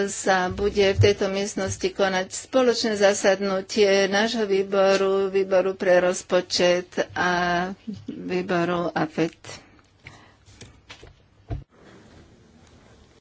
sa bude v tejto miestnosti konať spoločné zasadnutie nášho výboru, výboru pre rozpočet a výboru AFET.